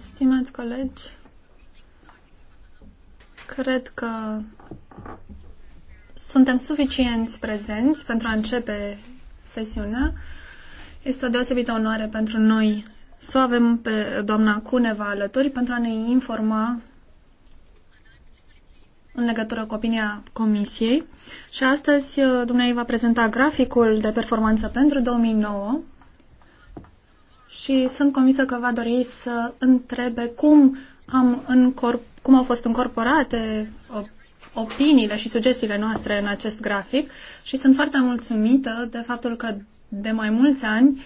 Stimați colegi, cred că suntem suficienți prezenți pentru a începe sesiunea. Este o deosebită onoare pentru noi să avem pe doamna Cuneva alături pentru a ne informa în legătură cu opinia Comisiei. Și astăzi uh, dumneavoastră va prezenta graficul de performanță pentru 2009 și sunt convinsă că va dori să întrebe cum, am încorp- cum au fost încorporate uh, opiniile și sugestiile noastre în acest grafic și sunt foarte mulțumită de faptul că de mai mulți ani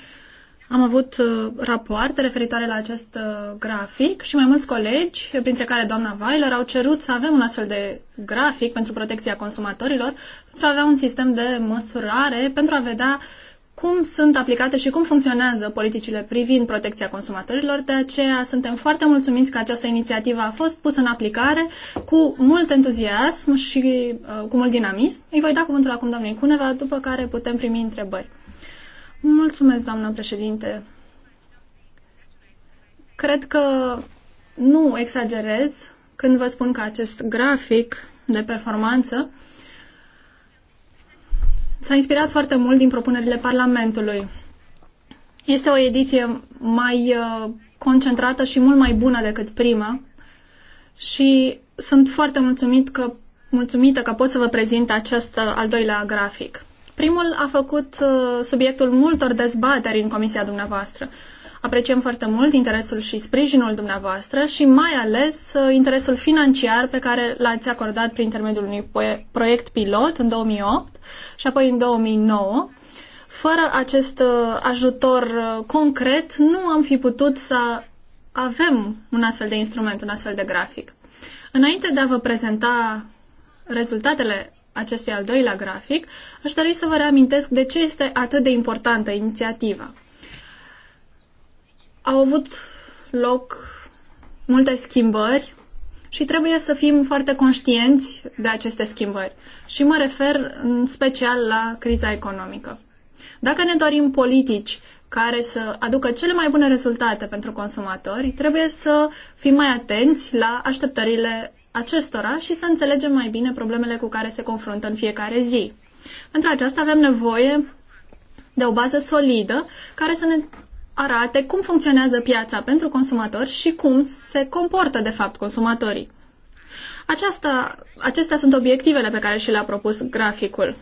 am avut uh, rapoarte referitoare la acest uh, grafic și mai mulți colegi, printre care doamna Weiler, au cerut să avem un astfel de grafic pentru protecția consumatorilor, pentru a avea un sistem de măsurare, pentru a vedea uh, cum sunt aplicate și cum funcționează politicile privind protecția consumatorilor. De aceea suntem foarte mulțumiți că această inițiativă a fost pusă în aplicare cu mult entuziasm și uh, cu mult dinamism. Îi voi da cuvântul acum doamnei Cuneva, după care putem primi întrebări. Mulțumesc, doamnă președinte. Cred că nu exagerez când vă spun că acest grafic de performanță s-a inspirat foarte mult din propunerile Parlamentului. Este o ediție mai uh, concentrată și mult mai bună decât prima și sunt foarte mulțumit că, mulțumită că pot să vă prezint acest uh, al doilea grafic. Primul a făcut uh, subiectul multor dezbateri în comisia dumneavoastră. Apreciem foarte mult interesul și sprijinul dumneavoastră și mai ales uh, interesul financiar pe care l-ați acordat prin intermediul unui proiect pilot în 2008 și apoi în 2009. Fără acest uh, ajutor uh, concret nu am fi putut să avem un astfel de instrument, un astfel de grafic. Înainte de a vă prezenta rezultatele acestui al doilea grafic, aș dori să vă reamintesc de ce este atât de importantă inițiativa. Au avut loc multe schimbări și trebuie să fim foarte conștienți de aceste schimbări. Și mă refer în special la criza economică. Dacă ne dorim politici care să aducă cele mai bune rezultate pentru consumatori, trebuie să fim mai atenți la așteptările acestora și să înțelegem mai bine problemele cu care se confruntă în fiecare zi. Pentru aceasta avem nevoie de o bază solidă care să ne arate cum funcționează piața pentru consumatori și cum se comportă, de fapt, consumatorii. Aceasta, acestea sunt obiectivele pe care și le-a propus graficul.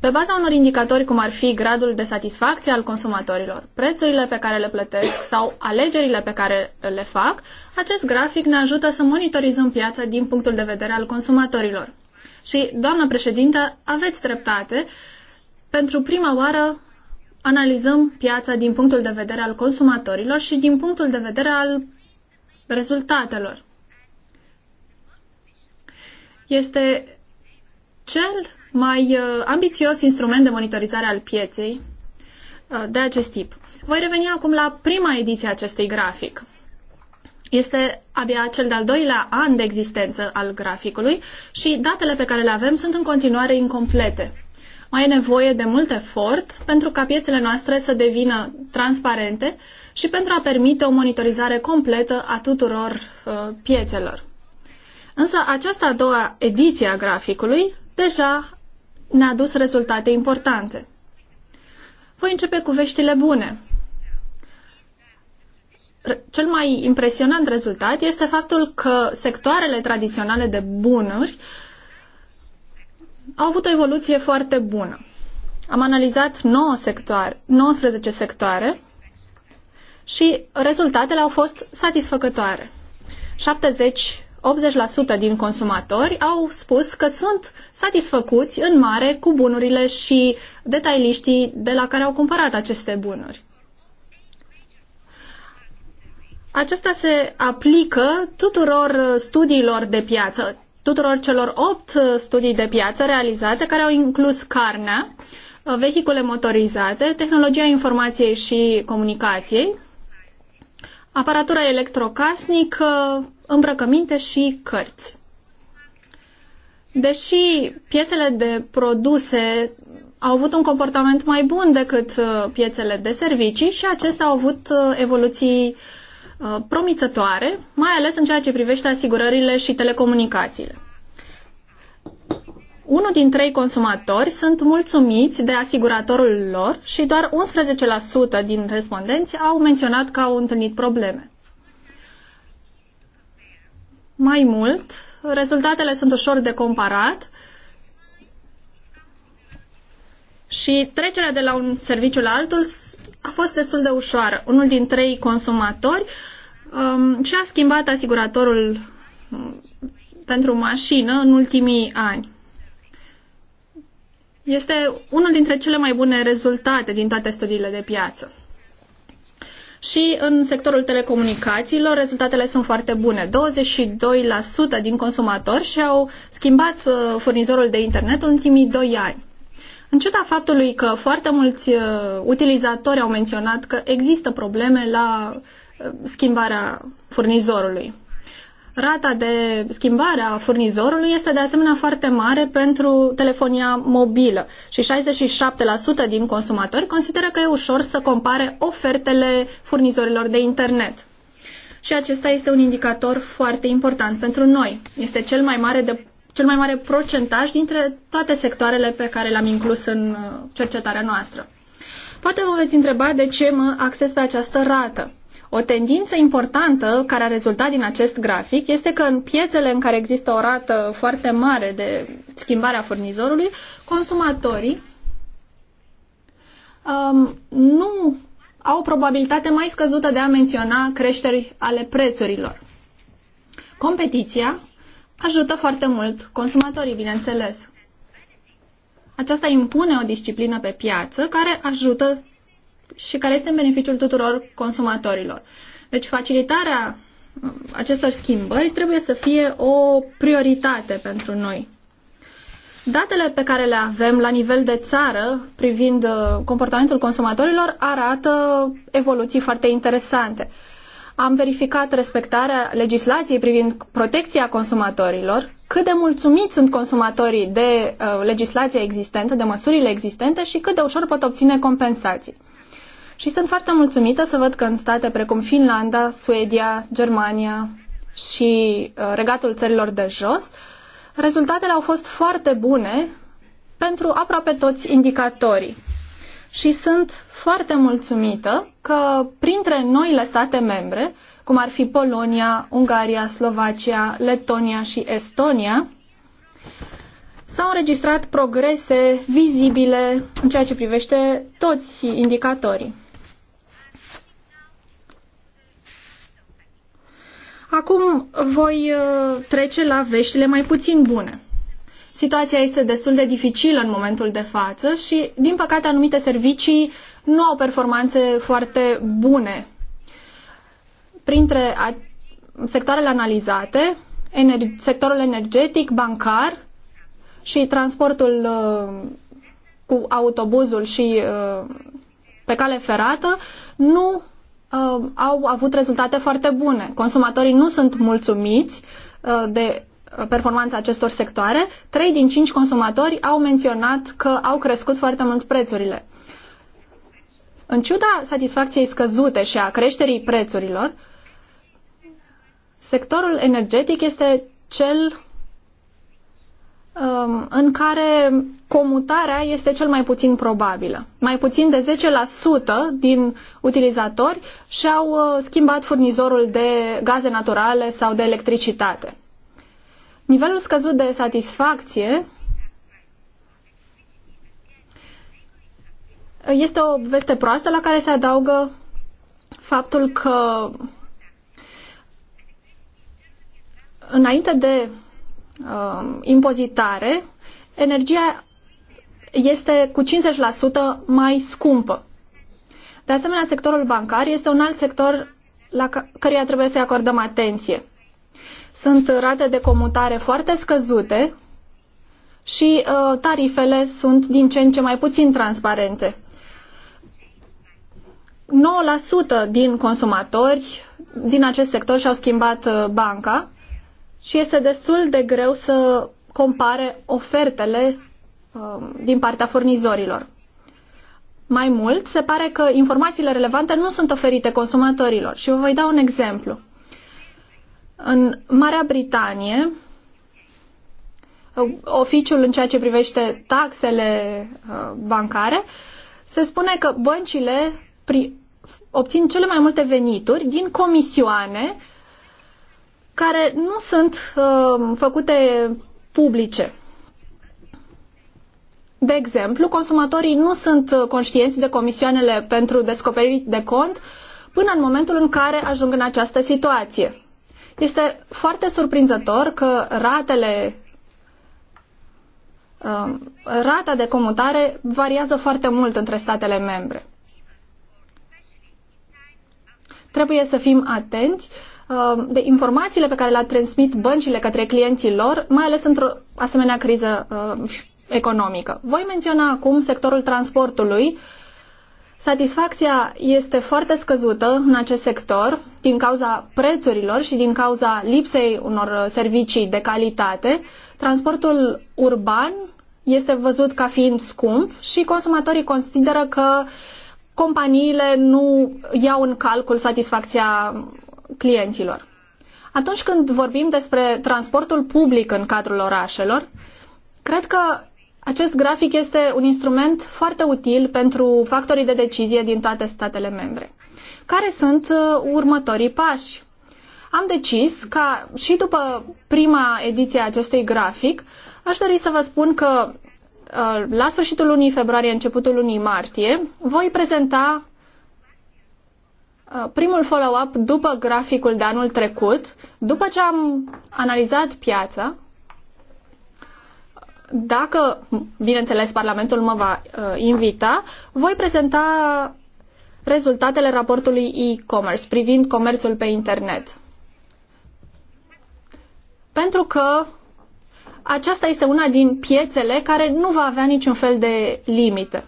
Pe baza unor indicatori cum ar fi gradul de satisfacție al consumatorilor, prețurile pe care le plătesc sau alegerile pe care le fac, acest grafic ne ajută să monitorizăm piața din punctul de vedere al consumatorilor. Și, doamnă președintă, aveți dreptate, pentru prima oară analizăm piața din punctul de vedere al consumatorilor și din punctul de vedere al rezultatelor. Este cel mai uh, ambițios instrument de monitorizare al pieței uh, de acest tip. Voi reveni acum la prima ediție a acestui grafic. Este abia cel de-al doilea an de existență al graficului și datele pe care le avem sunt în continuare incomplete. Mai e nevoie de mult efort pentru ca piețele noastre să devină transparente și pentru a permite o monitorizare completă a tuturor uh, piețelor. Însă această a doua ediție a graficului deja ne-a dus rezultate importante. Voi începe cu veștile bune. Cel mai impresionant rezultat este faptul că sectoarele tradiționale de bunuri uh, au avut o evoluție foarte bună. Am analizat 9 sectoare, 19 sectoare și rezultatele au fost satisfăcătoare. 70 80% din consumatori au spus că sunt satisfăcuți în mare cu bunurile și detailiștii de la care au cumpărat aceste bunuri. Acesta se aplică tuturor studiilor de piață, tuturor celor opt uh, studii de piață realizate care au inclus carnea, uh, vehicule motorizate, tehnologia informației și comunicației, aparatura electrocasnică, uh, îmbrăcăminte și cărți. Deși piețele de produse au avut un comportament mai bun decât piețele de servicii și acestea au avut evoluții uh, Uh, promițătoare, mai ales în ceea ce privește asigurările și telecomunicațiile. Unul din trei consumatori sunt mulțumiți de asiguratorul lor și doar 11% din respondenți au menționat că au întâlnit probleme. Mai mult, rezultatele sunt ușor de comparat și trecerea de la un serviciu la altul a fost destul de ușoară. Unul din trei consumatori um, și-a schimbat asiguratorul um, pentru mașină în ultimii ani. Este unul dintre cele mai bune rezultate din toate studiile de piață. Și în sectorul telecomunicațiilor rezultatele sunt foarte bune. 22% din consumatori și-au schimbat uh, furnizorul de internet în ultimii 2 ani. În ciuda faptului că foarte mulți uh, utilizatori au menționat că există probleme la uh, schimbarea furnizorului. Rata de schimbare a furnizorului este de asemenea foarte mare pentru telefonia mobilă și 67% din consumatori consideră că e ușor să compare ofertele furnizorilor de internet. Și acesta este un indicator foarte important pentru noi. Este cel mai mare de cel mai mare procentaj dintre toate sectoarele pe care le-am inclus în uh, cercetarea noastră. Poate vă veți întreba de ce mă acces pe această rată. O tendință importantă care a rezultat din acest grafic este că în piețele în care există o rată foarte mare de schimbare a furnizorului, consumatorii um, nu au o probabilitate mai scăzută de a menționa creșteri ale prețurilor. Competiția ajută foarte mult consumatorii, bineînțeles. Aceasta impune o disciplină pe piață care ajută și care este în beneficiul tuturor consumatorilor. Deci facilitarea uh, acestor schimbări trebuie să fie o prioritate pentru noi. Datele pe care le avem la nivel de țară privind uh, comportamentul consumatorilor arată evoluții foarte interesante am verificat respectarea legislației privind protecția consumatorilor, cât de mulțumiți sunt consumatorii de uh, legislația existentă, de măsurile existente și cât de ușor pot obține compensații. Și sunt foarte mulțumită să văd că în state precum Finlanda, Suedia, Germania și uh, regatul țărilor de jos, rezultatele au fost foarte bune pentru aproape toți indicatorii și sunt foarte mulțumită că printre noile state membre, cum ar fi Polonia, Ungaria, Slovacia, Letonia și Estonia, s-au înregistrat progrese vizibile în ceea ce privește toți indicatorii. Acum voi uh, trece la veștile mai puțin bune. Situația este destul de dificilă în momentul de față și, din păcate, anumite servicii nu au performanțe foarte bune. Printre sectoarele analizate, ener- sectorul energetic, bancar și transportul uh, cu autobuzul și uh, pe cale ferată nu uh, au avut rezultate foarte bune. Consumatorii nu sunt mulțumiți uh, de performanța acestor sectoare, 3 din 5 consumatori au menționat că au crescut foarte mult prețurile. În ciuda satisfacției scăzute și a creșterii prețurilor, sectorul energetic este cel um, în care comutarea este cel mai puțin probabilă. Mai puțin de 10% din utilizatori și-au uh, schimbat furnizorul de gaze naturale sau de electricitate. Nivelul scăzut de satisfacție este o veste proastă la care se adaugă faptul că înainte de uh, impozitare, energia este cu 50% mai scumpă. De asemenea, sectorul bancar este un alt sector la căruia trebuie să-i acordăm atenție sunt rate de comutare foarte scăzute și uh, tarifele sunt din ce în ce mai puțin transparente. 9% din consumatori din acest sector și-au schimbat uh, banca și este destul de greu să compare ofertele uh, din partea furnizorilor. Mai mult, se pare că informațiile relevante nu sunt oferite consumatorilor și vă voi da un exemplu. În Marea Britanie, uh, oficiul în ceea ce privește taxele uh, bancare, se spune că băncile obțin cele mai multe venituri din comisioane care nu sunt uh, făcute publice. De exemplu, consumatorii nu sunt uh, conștienți de comisioanele pentru descoperiri de cont până în momentul în care ajung în această situație. Este foarte surprinzător că ratele um, rata de comutare variază foarte mult între statele membre. Trebuie să fim atenți um, de informațiile pe care le transmit băncile către clienții lor, mai ales într-o asemenea criză um, economică. Voi menționa acum sectorul transportului Satisfacția este foarte scăzută în acest sector din cauza prețurilor și din cauza lipsei unor servicii de calitate. Transportul urban este văzut ca fiind scump și consumatorii consideră că companiile nu iau în calcul satisfacția clienților. Atunci când vorbim despre transportul public în cadrul orașelor, cred că acest grafic este un instrument foarte util pentru factorii de decizie din toate statele membre. Care sunt uh, următorii pași? Am decis ca și după prima ediție a acestui grafic, aș dori să vă spun că uh, la sfârșitul lunii februarie, începutul lunii martie, voi prezenta uh, primul follow-up după graficul de anul trecut, după ce am analizat piața dacă, bineînțeles, Parlamentul mă va uh, invita, voi prezenta rezultatele raportului e-commerce privind comerțul pe internet. Pentru că aceasta este una din piețele care nu va avea niciun fel de limită.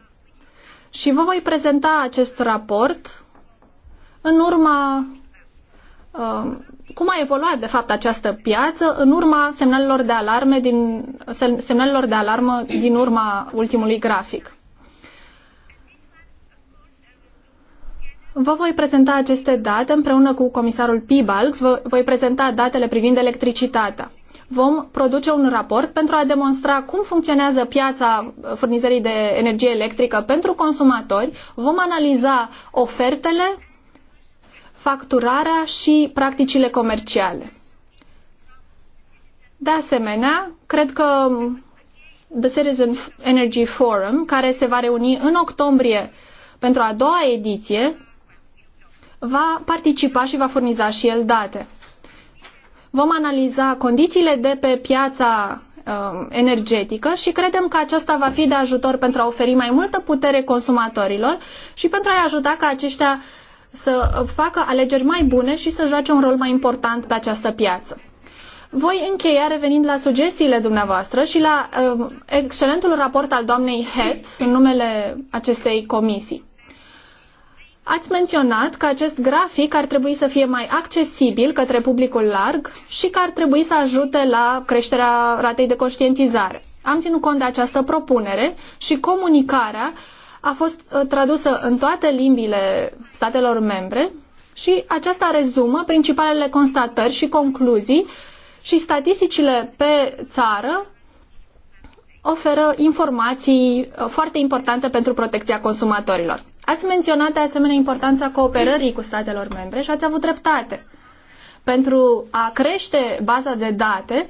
Și vă voi prezenta acest raport în urma uh, cum a evoluat de fapt această piață în urma semnalelor de alarme din semnalelor de alarmă din urma ultimului grafic. Vă voi prezenta aceste date împreună cu comisarul Pibalx, vă voi prezenta datele privind electricitatea. Vom produce un raport pentru a demonstra cum funcționează piața furnizării de energie electrică pentru consumatori. Vom analiza ofertele facturarea și practicile comerciale. De asemenea, cred că The Citizen Energy Forum, care se va reuni în octombrie pentru a doua ediție, va participa și va furniza și el date. Vom analiza condițiile de pe piața uh, energetică și credem că aceasta va fi de ajutor pentru a oferi mai multă putere consumatorilor și pentru a-i ajuta ca aceștia să facă alegeri mai bune și să joace un rol mai important pe această piață. Voi încheia revenind la sugestiile dumneavoastră și la uh, excelentul raport al doamnei Het în numele acestei comisii. Ați menționat că acest grafic ar trebui să fie mai accesibil către publicul larg și că ar trebui să ajute la creșterea ratei de conștientizare. Am ținut cont de această propunere și comunicarea uh, a fost uh, tradusă în toate limbile statelor membre și aceasta rezumă principalele constatări și concluzii și statisticile pe țară oferă informații uh, foarte importante pentru protecția consumatorilor. Ați menționat de asemenea importanța cooperării cu statelor membre și ați avut dreptate. Pentru a crește baza de date,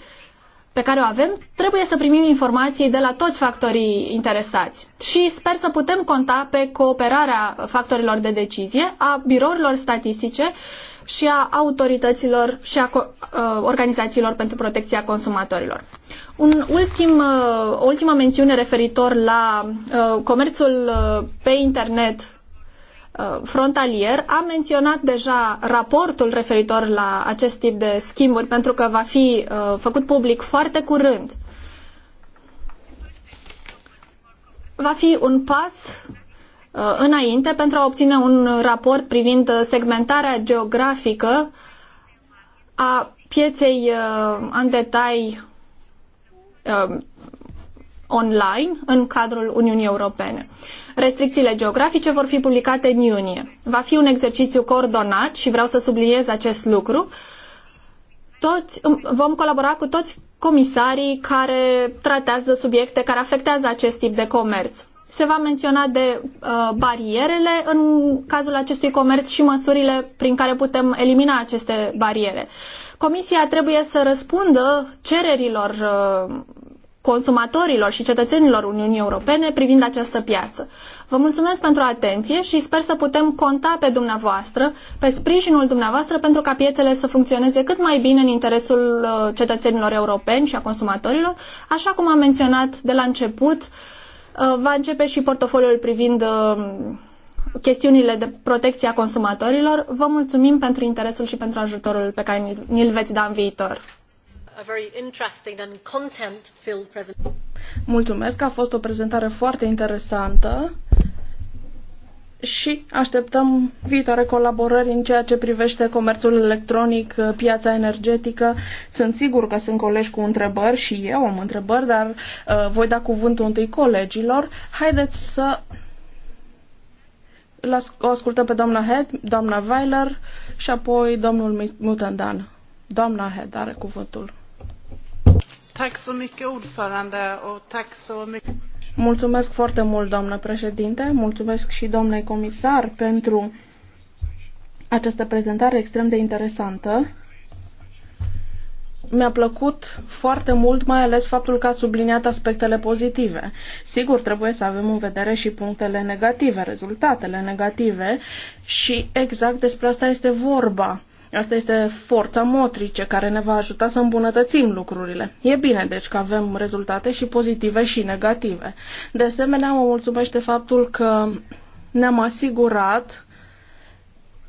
pe care o avem, trebuie să primim informații de la toți factorii interesați și sper să putem conta pe cooperarea factorilor de decizie, a birourilor statistice și a autorităților și a uh, organizațiilor pentru protecția consumatorilor. Un ultim, uh, o ultimă mențiune referitor la uh, comerțul pe internet Uh, frontalier. Am menționat deja raportul referitor la acest tip de schimburi pentru că va fi uh, făcut public foarte curând. Va fi un pas uh, înainte pentru a obține un raport privind segmentarea geografică a pieței în detai online în cadrul Uniunii Europene. Restricțiile geografice vor fi publicate în iunie. Va fi un exercițiu coordonat și vreau să subliniez acest lucru. Toți, vom colabora cu toți comisarii care tratează subiecte care afectează acest tip de comerț. Se va menționa de uh, barierele în cazul acestui comerț și măsurile prin care putem elimina aceste bariere. Comisia trebuie să răspundă cererilor uh, consumatorilor și cetățenilor Uniunii Europene privind această piață. Vă mulțumesc pentru atenție și sper să putem conta pe dumneavoastră, pe sprijinul dumneavoastră pentru ca piețele să funcționeze cât mai bine în interesul uh, cetățenilor europeni și a consumatorilor. Așa cum am menționat de la început, uh, va începe și portofoliul privind uh, chestiunile de protecție a consumatorilor. Vă mulțumim pentru interesul și pentru ajutorul pe care ni-l veți da în viitor. Mulțumesc, a fost o prezentare foarte interesantă și așteptăm viitoare colaborări în ceea ce privește comerțul electronic, uh, piața energetică. Sunt sigur că sunt colegi cu întrebări și eu am întrebări, dar uh, voi da cuvântul întâi colegilor. Haideți să o ascultăm pe doamna Head, doamna Weiler și apoi domnul Mutandan. Doamna Head are cuvântul. Mulțumesc foarte mult, doamnă președinte, mulțumesc și domnului comisar pentru această prezentare extrem de interesantă. Mi-a plăcut foarte mult, mai ales faptul că a subliniat aspectele pozitive. Sigur, trebuie să avem în vedere și punctele negative, rezultatele negative și exact despre asta este vorba Asta este forța motrice care ne va ajuta să îmbunătățim lucrurile. E bine, deci, că avem rezultate și pozitive și negative. De asemenea, mă mulțumește faptul că ne-am asigurat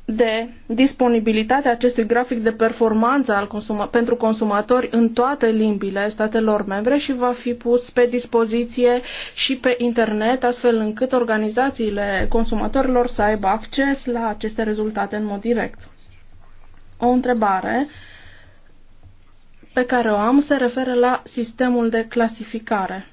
de disponibilitatea acestui grafic de performanță al consuma- pentru consumatori în toate limbile statelor membre și va fi pus pe dispoziție și pe internet, astfel încât organizațiile consumatorilor să aibă acces la aceste rezultate în mod direct. O întrebare pe care o am se referă la sistemul de clasificare.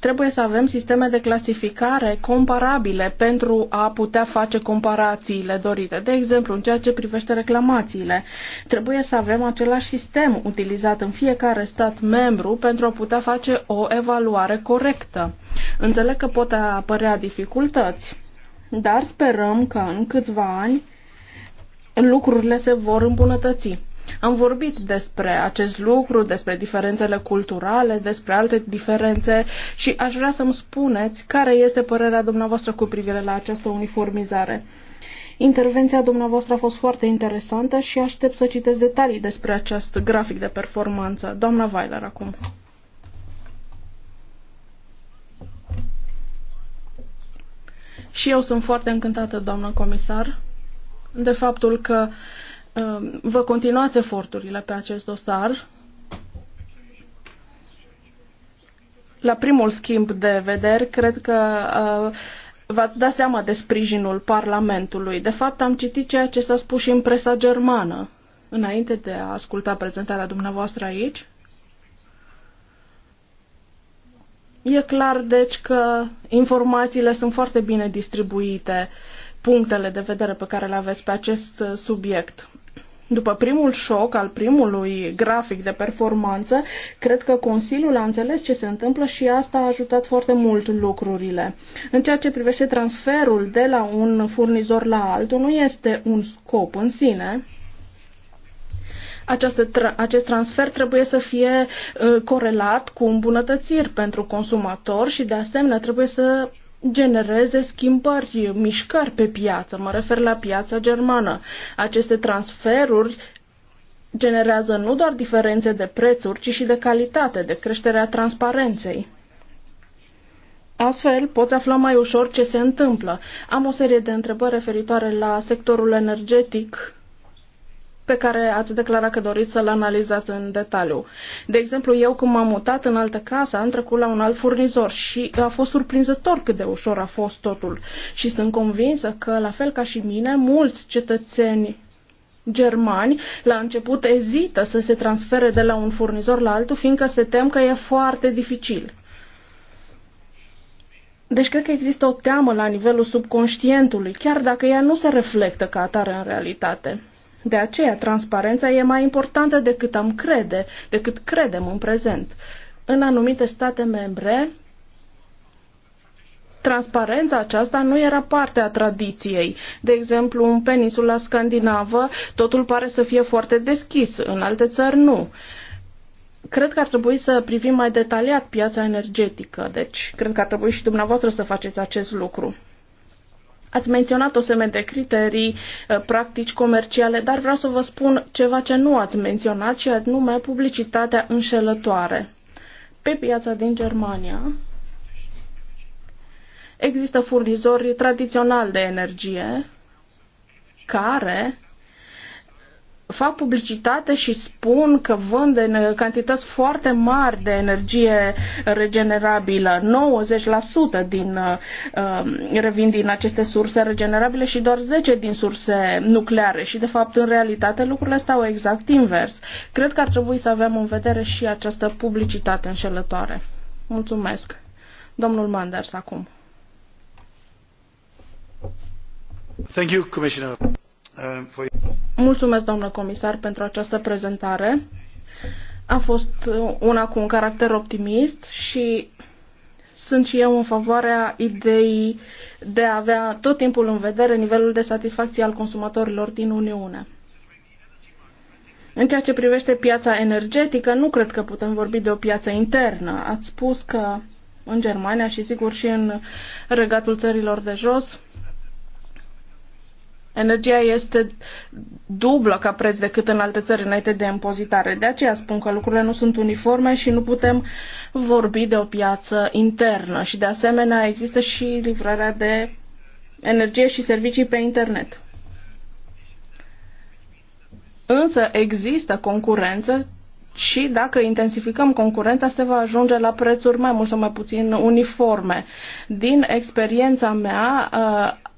Trebuie să avem sisteme de clasificare comparabile pentru a putea face comparațiile dorite. De exemplu, în ceea ce privește reclamațiile, trebuie să avem același sistem utilizat în fiecare stat membru pentru a putea face o evaluare corectă. Înțeleg că pot apărea dificultăți dar sperăm că în câțiva ani lucrurile se vor îmbunătăți. Am vorbit despre acest lucru, despre diferențele culturale, despre alte diferențe și aș vrea să-mi spuneți care este părerea dumneavoastră cu privire la această uniformizare. Intervenția dumneavoastră a fost foarte interesantă și aștept să citesc detalii despre acest grafic de performanță. Doamna Weiler acum. Și eu sunt foarte încântată, doamnă comisar, de faptul că uh, vă continuați eforturile pe acest dosar. La primul schimb de vederi, cred că uh, v-ați dat seama de sprijinul Parlamentului. De fapt, am citit ceea ce s-a spus și în presa germană, înainte de a asculta prezentarea dumneavoastră aici. E clar, deci, că informațiile sunt foarte bine distribuite, punctele de vedere pe care le aveți pe acest uh, subiect. După primul șoc al primului grafic de performanță, cred că Consiliul a înțeles ce se întâmplă și asta a ajutat foarte mult lucrurile. În ceea ce privește transferul de la un furnizor la altul, nu este un scop în sine, această tra- acest transfer trebuie să fie uh, corelat cu îmbunătățiri pentru consumator și, de asemenea, trebuie să genereze schimbări, mișcări pe piață. Mă refer la piața germană. Aceste transferuri generează nu doar diferențe de prețuri, ci și de calitate, de creșterea transparenței. Astfel, poți afla mai ușor ce se întâmplă. Am o serie de întrebări referitoare la sectorul energetic pe care ați declarat că doriți să-l analizați în detaliu. De exemplu, eu când m-am mutat în altă casă, am trecut la un alt furnizor și a fost surprinzător cât de ușor a fost totul. Și sunt convinsă că, la fel ca și mine, mulți cetățeni germani la început ezită să se transfere de la un furnizor la altul, fiindcă se tem că e foarte dificil. Deci cred că există o teamă la nivelul subconștientului, chiar dacă ea nu se reflectă ca atare în realitate. De aceea, transparența e mai importantă decât am crede, decât credem în prezent. În anumite state membre, transparența aceasta nu era parte a tradiției. De exemplu, în peninsula scandinavă totul pare să fie foarte deschis, în alte țări nu. Cred că ar trebui să privim mai detaliat piața energetică, deci cred că ar trebui și dumneavoastră să faceți acest lucru. Ați menționat o semen de criterii, eh, practici comerciale, dar vreau să vă spun ceva ce nu ați menționat și anume publicitatea înșelătoare. Pe piața din Germania există furnizori tradiționali de energie care fac publicitate și spun că vând în cantități foarte mari de energie regenerabilă. 90% din uh, revin din aceste surse regenerabile și doar 10 din surse nucleare și de fapt în realitate lucrurile stau exact invers. Cred că ar trebui să avem în vedere și această publicitate înșelătoare. Mulțumesc. Domnul Manders acum. Thank you, Commissioner. Mulțumesc, doamnă comisar, pentru această prezentare. A fost una cu un caracter optimist și sunt și eu în favoarea ideii de a avea tot timpul în vedere nivelul de satisfacție al consumatorilor din Uniune. În ceea ce privește piața energetică, nu cred că putem vorbi de o piață internă. Ați spus că în Germania și sigur și în regatul țărilor de jos Energia este dublă ca preț decât în alte țări înainte de impozitare. De aceea spun că lucrurile nu sunt uniforme și nu putem vorbi de o piață internă. Și de asemenea există și livrarea de energie și servicii pe internet. Însă există concurență și dacă intensificăm concurența se va ajunge la prețuri mai mult sau mai puțin uniforme. Din experiența mea, uh,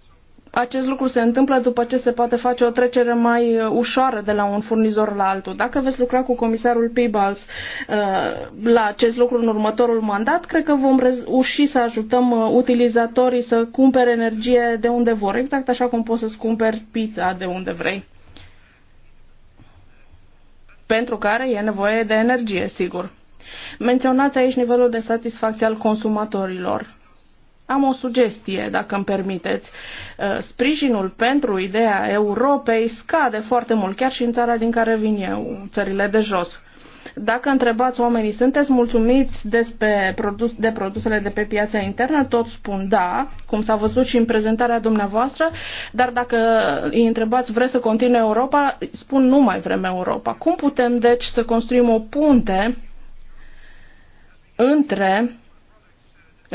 acest lucru se întâmplă după ce se poate face o trecere mai uh, ușoară de la un furnizor la altul. Dacă veți lucra cu comisarul Peebles uh, la acest lucru în următorul mandat, cred că vom reuși să ajutăm uh, utilizatorii să cumpere energie de unde vor, exact așa cum poți să-ți cumperi pizza de unde vrei. Pentru care e nevoie de energie, sigur. Menționați aici nivelul de satisfacție al consumatorilor am o sugestie, dacă îmi permiteți. Uh, sprijinul pentru ideea Europei scade foarte mult, chiar și în țara din care vin eu, țările de jos. Dacă întrebați oamenii, sunteți mulțumiți despre produs, de produsele de pe piața internă, tot spun da, cum s-a văzut și în prezentarea dumneavoastră, dar dacă îi întrebați vreți să continue Europa, spun nu mai vrem Europa. Cum putem, deci, să construim o punte între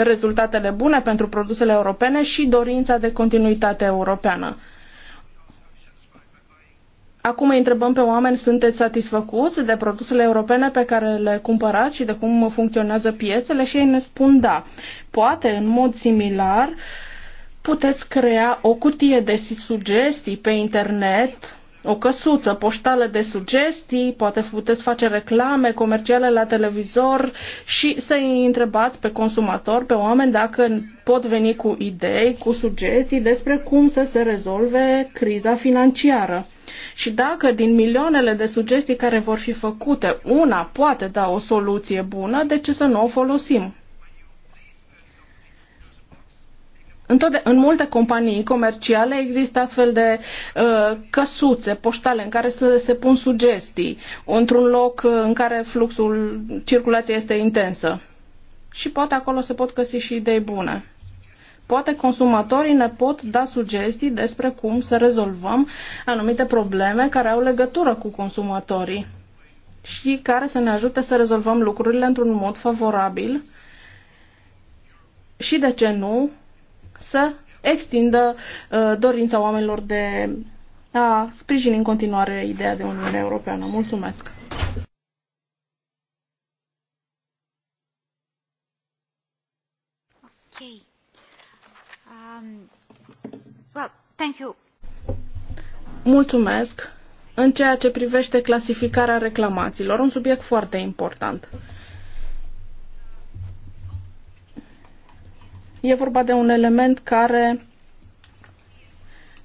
rezultatele bune pentru produsele europene și dorința de continuitate europeană. Acum îi întrebăm pe oameni, sunteți satisfăcuți de produsele europene pe care le cumpărați și de cum funcționează piețele? Și ei ne spun da. Poate, în mod similar, puteți crea o cutie de sugestii pe internet o căsuță poștală de sugestii, poate puteți face reclame comerciale la televizor și să-i întrebați pe consumator, pe oameni, dacă pot veni cu idei, cu sugestii despre cum să se rezolve criza financiară. Și dacă din milioanele de sugestii care vor fi făcute, una poate da o soluție bună, de ce să nu o folosim? În, în multe companii comerciale există astfel de uh, căsuțe poștale în care se, se pun sugestii, într-un loc uh, în care fluxul, circulației este intensă. Și poate acolo se pot găsi și idei bune. Poate consumatorii ne pot da sugestii despre cum să rezolvăm anumite probleme care au legătură cu consumatorii și care să ne ajute să rezolvăm lucrurile într-un mod favorabil și, de ce nu, să extindă uh, dorința oamenilor de a sprijini în continuare ideea de Uniune Europeană. Mulțumesc! Okay. Um, well, thank you. Mulțumesc! În ceea ce privește clasificarea reclamațiilor, un subiect foarte important. E vorba de un element care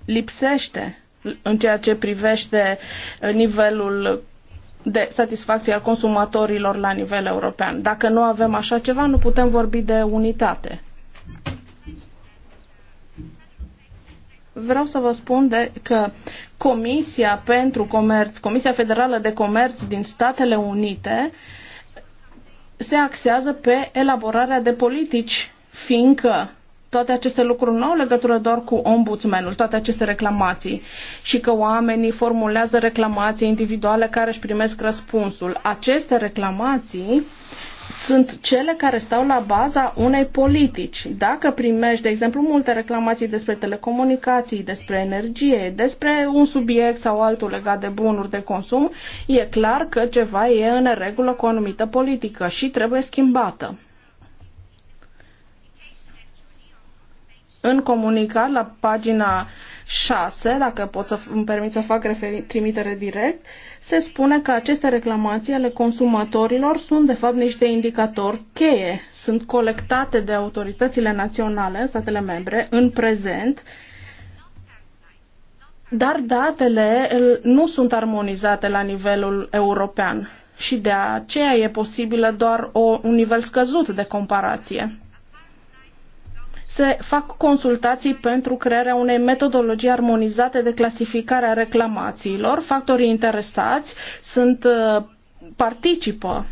lipsește în ceea ce privește nivelul de satisfacție al consumatorilor la nivel european. Dacă nu avem așa ceva, nu putem vorbi de unitate. Vreau să vă spun de că Comisia pentru Comerț, Comisia Federală de Comerț din Statele Unite se axează pe elaborarea de politici fiindcă toate aceste lucruri nu au legătură doar cu ombudsmanul, toate aceste reclamații și că oamenii formulează reclamații individuale care își primesc răspunsul. Aceste reclamații sunt cele care stau la baza unei politici. Dacă primești, de exemplu, multe reclamații despre telecomunicații, despre energie, despre un subiect sau altul legat de bunuri de consum, e clar că ceva e în regulă cu o anumită politică și trebuie schimbată. În comunicat, la pagina 6, dacă pot să îmi permit să fac referi, trimitere direct, se spune că aceste reclamații ale consumatorilor sunt de fapt niște indicatori cheie. Sunt colectate de autoritățile naționale, statele membre, în prezent, dar datele nu sunt armonizate la nivelul european și de aceea e posibilă doar o, un nivel scăzut de comparație se fac consultații pentru crearea unei metodologii armonizate de clasificare a reclamațiilor. Factorii interesați sunt uh, participă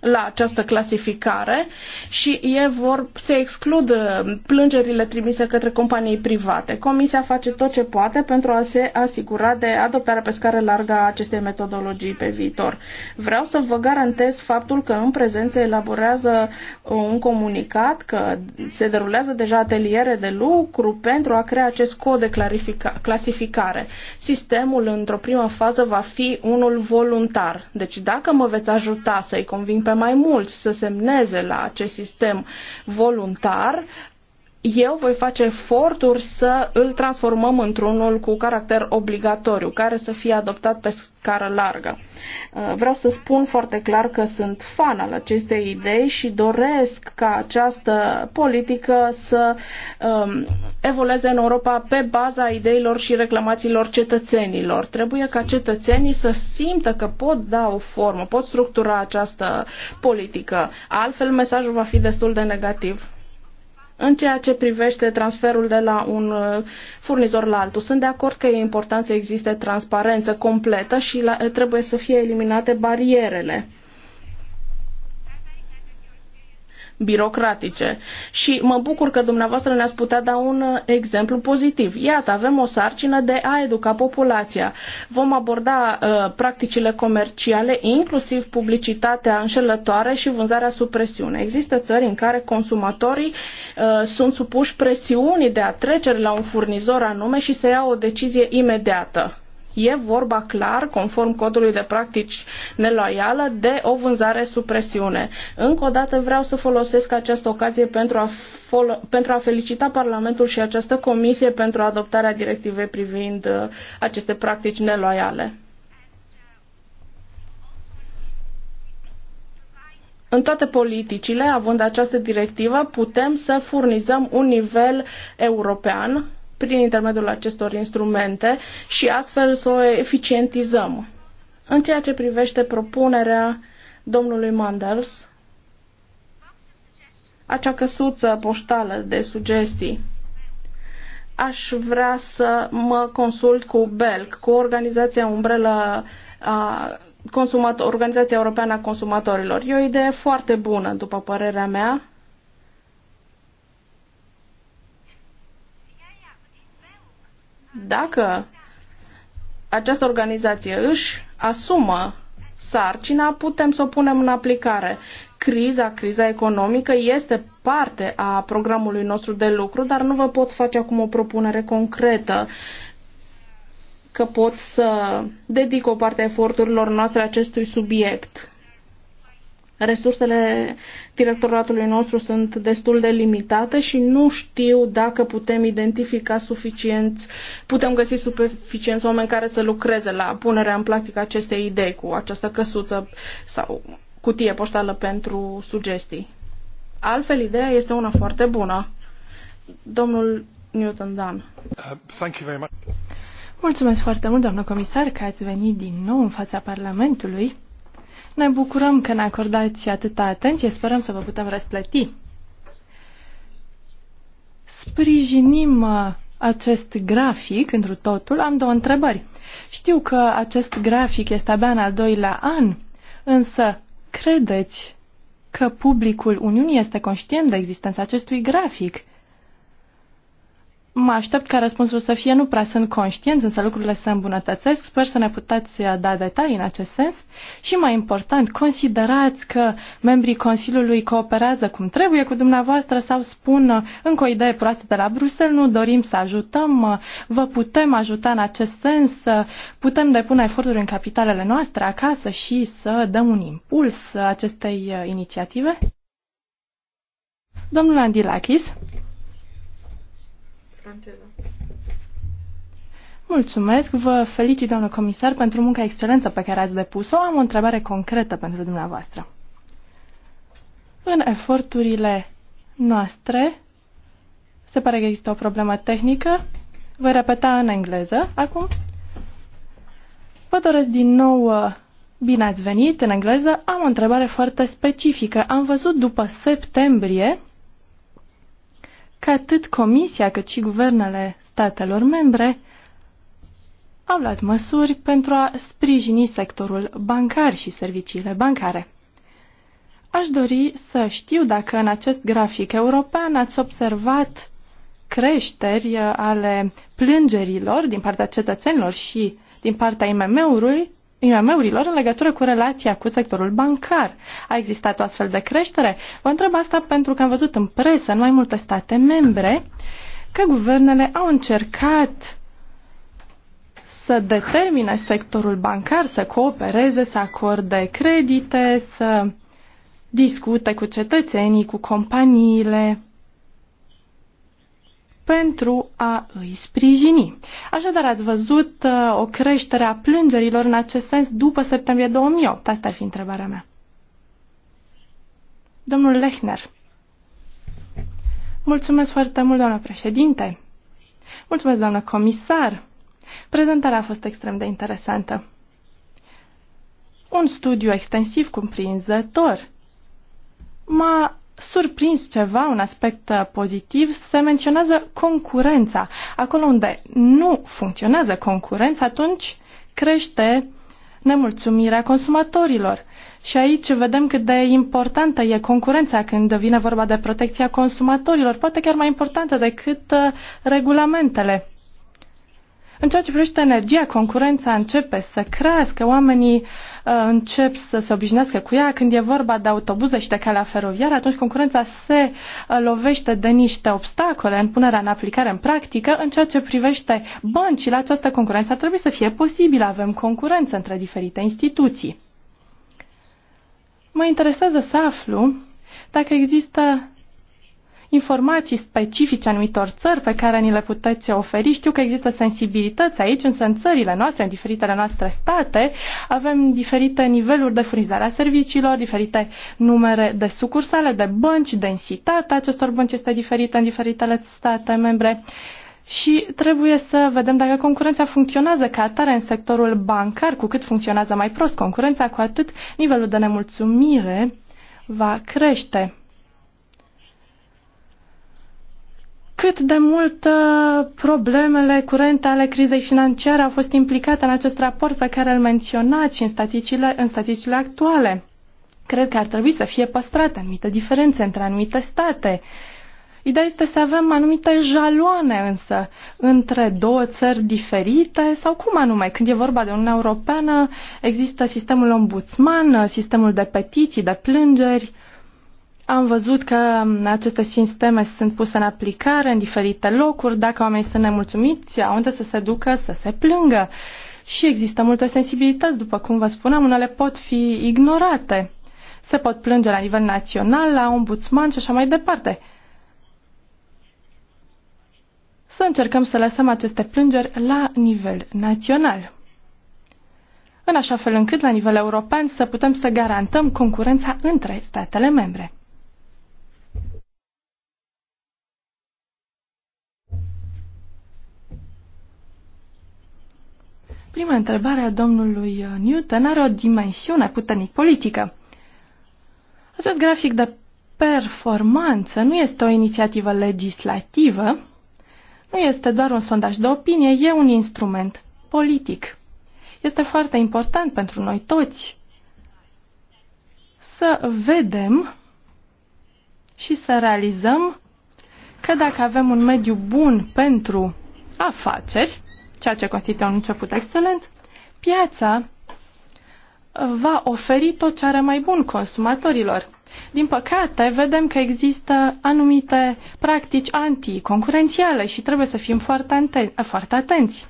la această clasificare și e vor, se exclud uh, plângerile trimise către companii private. Comisia face tot ce poate pentru a se asigura de adoptarea pe scară largă a acestei metodologii pe viitor. Vreau să vă garantez faptul că în prezent se elaborează un comunicat, că se derulează deja ateliere de lucru pentru a crea acest cod de clasificare. Sistemul într-o primă fază va fi unul voluntar. Deci dacă mă veți ajuta să-i conving pe mai mulți să semneze la acest sistem voluntar, eu voi face eforturi să îl transformăm într-unul cu caracter obligatoriu, care să fie adoptat pe scară largă. Uh, vreau să spun foarte clar că sunt fan al acestei idei și doresc ca această politică să um, evolueze în Europa pe baza ideilor și reclamațiilor cetățenilor. Trebuie ca cetățenii să simtă că pot da o formă, pot structura această politică. Altfel, mesajul va fi destul de negativ în ceea ce privește transferul de la un uh, furnizor la altul. Sunt de acord că e important să existe transparență completă și la, trebuie să fie eliminate barierele birocratice. Și mă bucur că dumneavoastră ne-ați putea da un uh, exemplu pozitiv. Iată, avem o sarcină de a educa populația. Vom aborda uh, practicile comerciale, inclusiv publicitatea înșelătoare și vânzarea sub presiune. Există țări în care consumatorii uh, sunt supuși presiunii de a trece la un furnizor anume și să ia o decizie imediată E vorba clar, conform codului de practici neloială, de o vânzare sub presiune. Încă o dată vreau să folosesc această ocazie pentru a, pentru a felicita Parlamentul și această comisie pentru adoptarea directivei privind uh, aceste practici neloiale. În toate politicile, având această directivă, putem să furnizăm un nivel european prin intermediul acestor instrumente și astfel să o eficientizăm. În ceea ce privește propunerea domnului Manders, acea căsuță poștală de sugestii, aș vrea să mă consult cu BELC, cu organizația umbrelă a Organizația Europeană a Consumatorilor. E o idee foarte bună, după părerea mea, Dacă această organizație își asumă sarcina, putem să o punem în aplicare. Criza, criza economică este parte a programului nostru de lucru, dar nu vă pot face acum o propunere concretă că pot să dedic o parte a eforturilor noastre acestui subiect. Resursele directoratului nostru sunt destul de limitate și nu știu dacă putem identifica suficienți, putem găsi suficienți oameni care să lucreze la punerea în practică acestei idei cu această căsuță sau cutie poștală pentru sugestii. Altfel, ideea este una foarte bună. Domnul Newton Dan. Mulțumesc foarte mult, doamnă comisar, că ați venit din nou în fața Parlamentului. Ne bucurăm că ne acordați atâta atenție, sperăm să vă putem răsplăti. Sprijinim uh, acest grafic întru totul, am două întrebări. Știu că acest grafic este abia în al doilea an, însă credeți că publicul Uniunii este conștient de existența acestui grafic? Mă aștept ca răspunsul să fie nu prea sunt conștienți, însă lucrurile se îmbunătățesc. Sper să ne puteți uh, da detalii în acest sens. Și mai important, considerați că membrii Consiliului cooperează cum trebuie cu dumneavoastră sau spun uh, încă o idee proastă de la Bruxelles, nu dorim să ajutăm, uh, vă putem ajuta în acest sens, putem depune eforturi în capitalele noastre acasă și să dăm un impuls acestei inițiative? Domnul Andilakis franceză. Mulțumesc, vă felicit, doamnă comisar, pentru munca excelentă pe care ați depus-o. Am o întrebare concretă pentru dumneavoastră. În eforturile noastre, se pare că există o problemă tehnică. Voi repeta în engleză acum. Vă doresc din nou uh, bine ați venit în engleză. Am o întrebare foarte specifică. Am văzut după septembrie că atât Comisia cât și guvernele statelor membre au luat măsuri pentru a sprijini sectorul bancar și serviciile bancare. Aș dori să știu dacă în acest grafic european ați observat creșteri ale plângerilor din partea cetățenilor și din partea IMM-ului IMM-urilor în legătură cu relația cu sectorul bancar. A existat o astfel de creștere? Vă întreb asta pentru că am văzut în presă, în mai multe state membre, că guvernele au încercat să determine sectorul bancar să coopereze, să acorde credite, să discute cu cetățenii, cu companiile pentru a îi sprijini. Așadar, ați văzut uh, o creștere a plângerilor în acest sens după septembrie 2008? Asta ar fi întrebarea mea. Domnul Lechner. Mulțumesc foarte mult, doamnă președinte. Mulțumesc, doamnă comisar. Prezentarea a fost extrem de interesantă. Un studiu extensiv cuprinzător. M-a surprins ceva, un aspect uh, pozitiv, se menționează concurența. Acolo unde nu funcționează concurența, atunci crește nemulțumirea consumatorilor. Și aici vedem cât de importantă e concurența când vine vorba de protecția consumatorilor, poate chiar mai importantă decât uh, regulamentele. În ceea ce privește energia, concurența începe să crească, oamenii uh, încep să se obișnuiască cu ea. Când e vorba de autobuze și de calea feroviară, atunci concurența se uh, lovește de niște obstacole în punerea în aplicare, în practică. În ceea ce privește băncile, această concurență trebuie să fie posibilă. Avem concurență între diferite instituții. Mă interesează să aflu dacă există informații specifice anumitor țări pe care ni le puteți oferi. Știu că există sensibilități aici, însă în țările noastre, în diferitele noastre state, avem diferite niveluri de furnizare a serviciilor, diferite numere de sucursale, de bănci, densitatea acestor bănci este diferită în diferitele state membre și trebuie să vedem dacă concurența funcționează ca atare în sectorul bancar, cu cât funcționează mai prost concurența, cu atât nivelul de nemulțumire va crește. cât de mult uh, problemele curente ale crizei financiare au fost implicate în acest raport pe care îl menționați și în statisticile, în statisticile actuale. Cred că ar trebui să fie păstrate anumite diferențe între anumite state. Ideea este să avem anumite jaloane însă între două țări diferite sau cum anume, când e vorba de Uniunea Europeană, există sistemul ombudsman, sistemul de petiții, de plângeri, am văzut că aceste sisteme sunt puse în aplicare în diferite locuri. Dacă oamenii sunt nemulțumiți, au unde să se ducă să se plângă. Și există multe sensibilități, după cum vă spuneam, unele pot fi ignorate. Se pot plânge la nivel național, la ombudsman și așa mai departe. Să încercăm să lăsăm aceste plângeri la nivel național în așa fel încât la nivel european să putem să garantăm concurența între statele membre. Prima întrebare a domnului uh, Newton are o dimensiune puternic politică. Acest grafic de performanță nu este o inițiativă legislativă, nu este doar un sondaj de opinie, e un instrument politic. Este foarte important pentru noi toți să vedem și să realizăm că dacă avem un mediu bun pentru afaceri, ceea ce constituie un început excelent, piața va oferi tot ce are mai bun consumatorilor. Din păcate, vedem că există anumite practici anticoncurențiale și trebuie să fim foarte, aten- foarte atenți.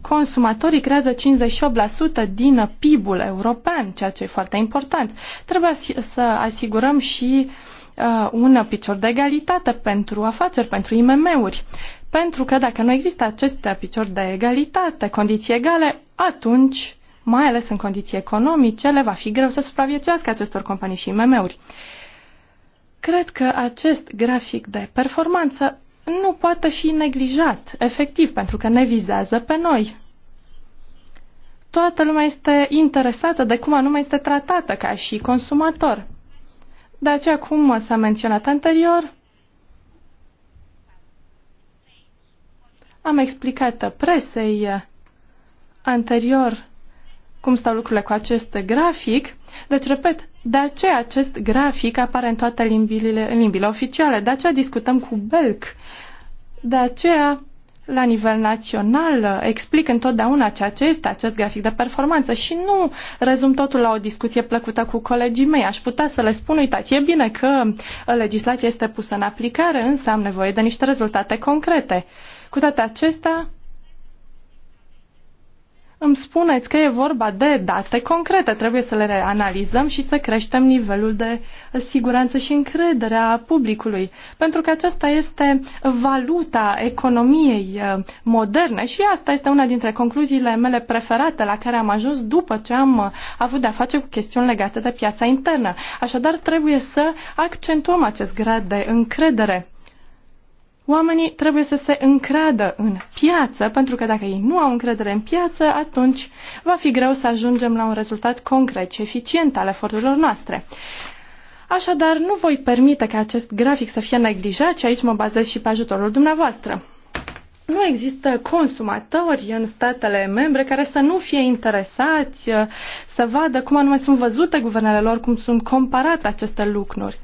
Consumatorii creează 58% din PIB-ul european, ceea ce e foarte important. Trebuie să asigurăm și uh, un picior de egalitate pentru afaceri, pentru IMM-uri. Pentru că dacă nu există aceste picior de egalitate, condiții egale, atunci, mai ales în condiții economice, le va fi greu să supraviețuiască acestor companii și IMM-uri. Cred că acest grafic de performanță nu poate fi neglijat, efectiv, pentru că ne vizează pe noi. Toată lumea este interesată de cum anume este tratată ca și consumator. De aceea, cum s-a menționat anterior, Am explicat presei uh, anterior cum stau lucrurile cu acest grafic. Deci, repet, de aceea acest grafic apare în toate limbile, în limbile oficiale, de aceea discutăm cu Belk, de aceea la nivel național uh, explic întotdeauna ceea ce este acest grafic de performanță și nu rezum totul la o discuție plăcută cu colegii mei. Aș putea să le spun, uitați, e bine că uh, legislația este pusă în aplicare, însă am nevoie de niște rezultate concrete. Cu toate acestea, îmi spuneți că e vorba de date concrete, trebuie să le analizăm și să creștem nivelul de siguranță și încredere a publicului, pentru că aceasta este valuta economiei eh, moderne și asta este una dintre concluziile mele preferate la care am ajuns după ce am eh, avut de-a face cu chestiuni legate de piața internă. Așadar, trebuie să accentuăm acest grad de încredere Oamenii trebuie să se încredă în piață, pentru că dacă ei nu au încredere în piață, atunci va fi greu să ajungem la un rezultat concret și eficient al eforturilor noastre. Așadar, nu voi permite ca acest grafic să fie neglijat și aici mă bazez și pe ajutorul dumneavoastră. Nu există consumatori în statele membre care să nu fie interesați uh, să vadă cum anume sunt văzute guvernele lor, cum sunt comparate aceste lucruri.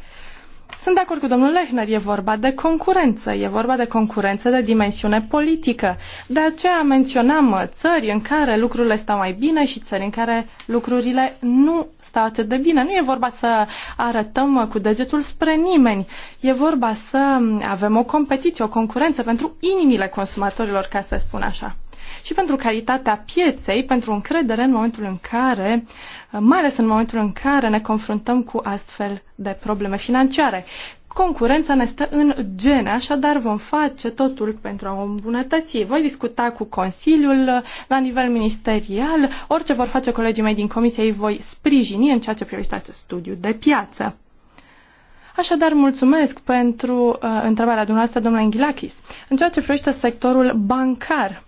Sunt de acord cu domnul Lechner, e vorba de concurență, e vorba de concurență de dimensiune politică. De aceea menționam uh, țări în care lucrurile stau mai bine și țări în care lucrurile nu stau atât de bine. Nu e vorba să arătăm uh, cu degetul spre nimeni, e vorba să mm, avem o competiție, o concurență pentru inimile consumatorilor, ca să spun așa și pentru calitatea pieței, pentru încredere în momentul în care, mai ales în momentul în care ne confruntăm cu astfel de probleme financiare. Concurența ne stă în gene, așadar vom face totul pentru a o îmbunătăți. Voi discuta cu Consiliul la nivel ministerial, orice vor face colegii mei din comisie îi voi sprijini în ceea ce privește acest studiu de piață. Așadar, mulțumesc pentru uh, întrebarea dumneavoastră, domnule Înghilachis. În ceea ce privește sectorul bancar,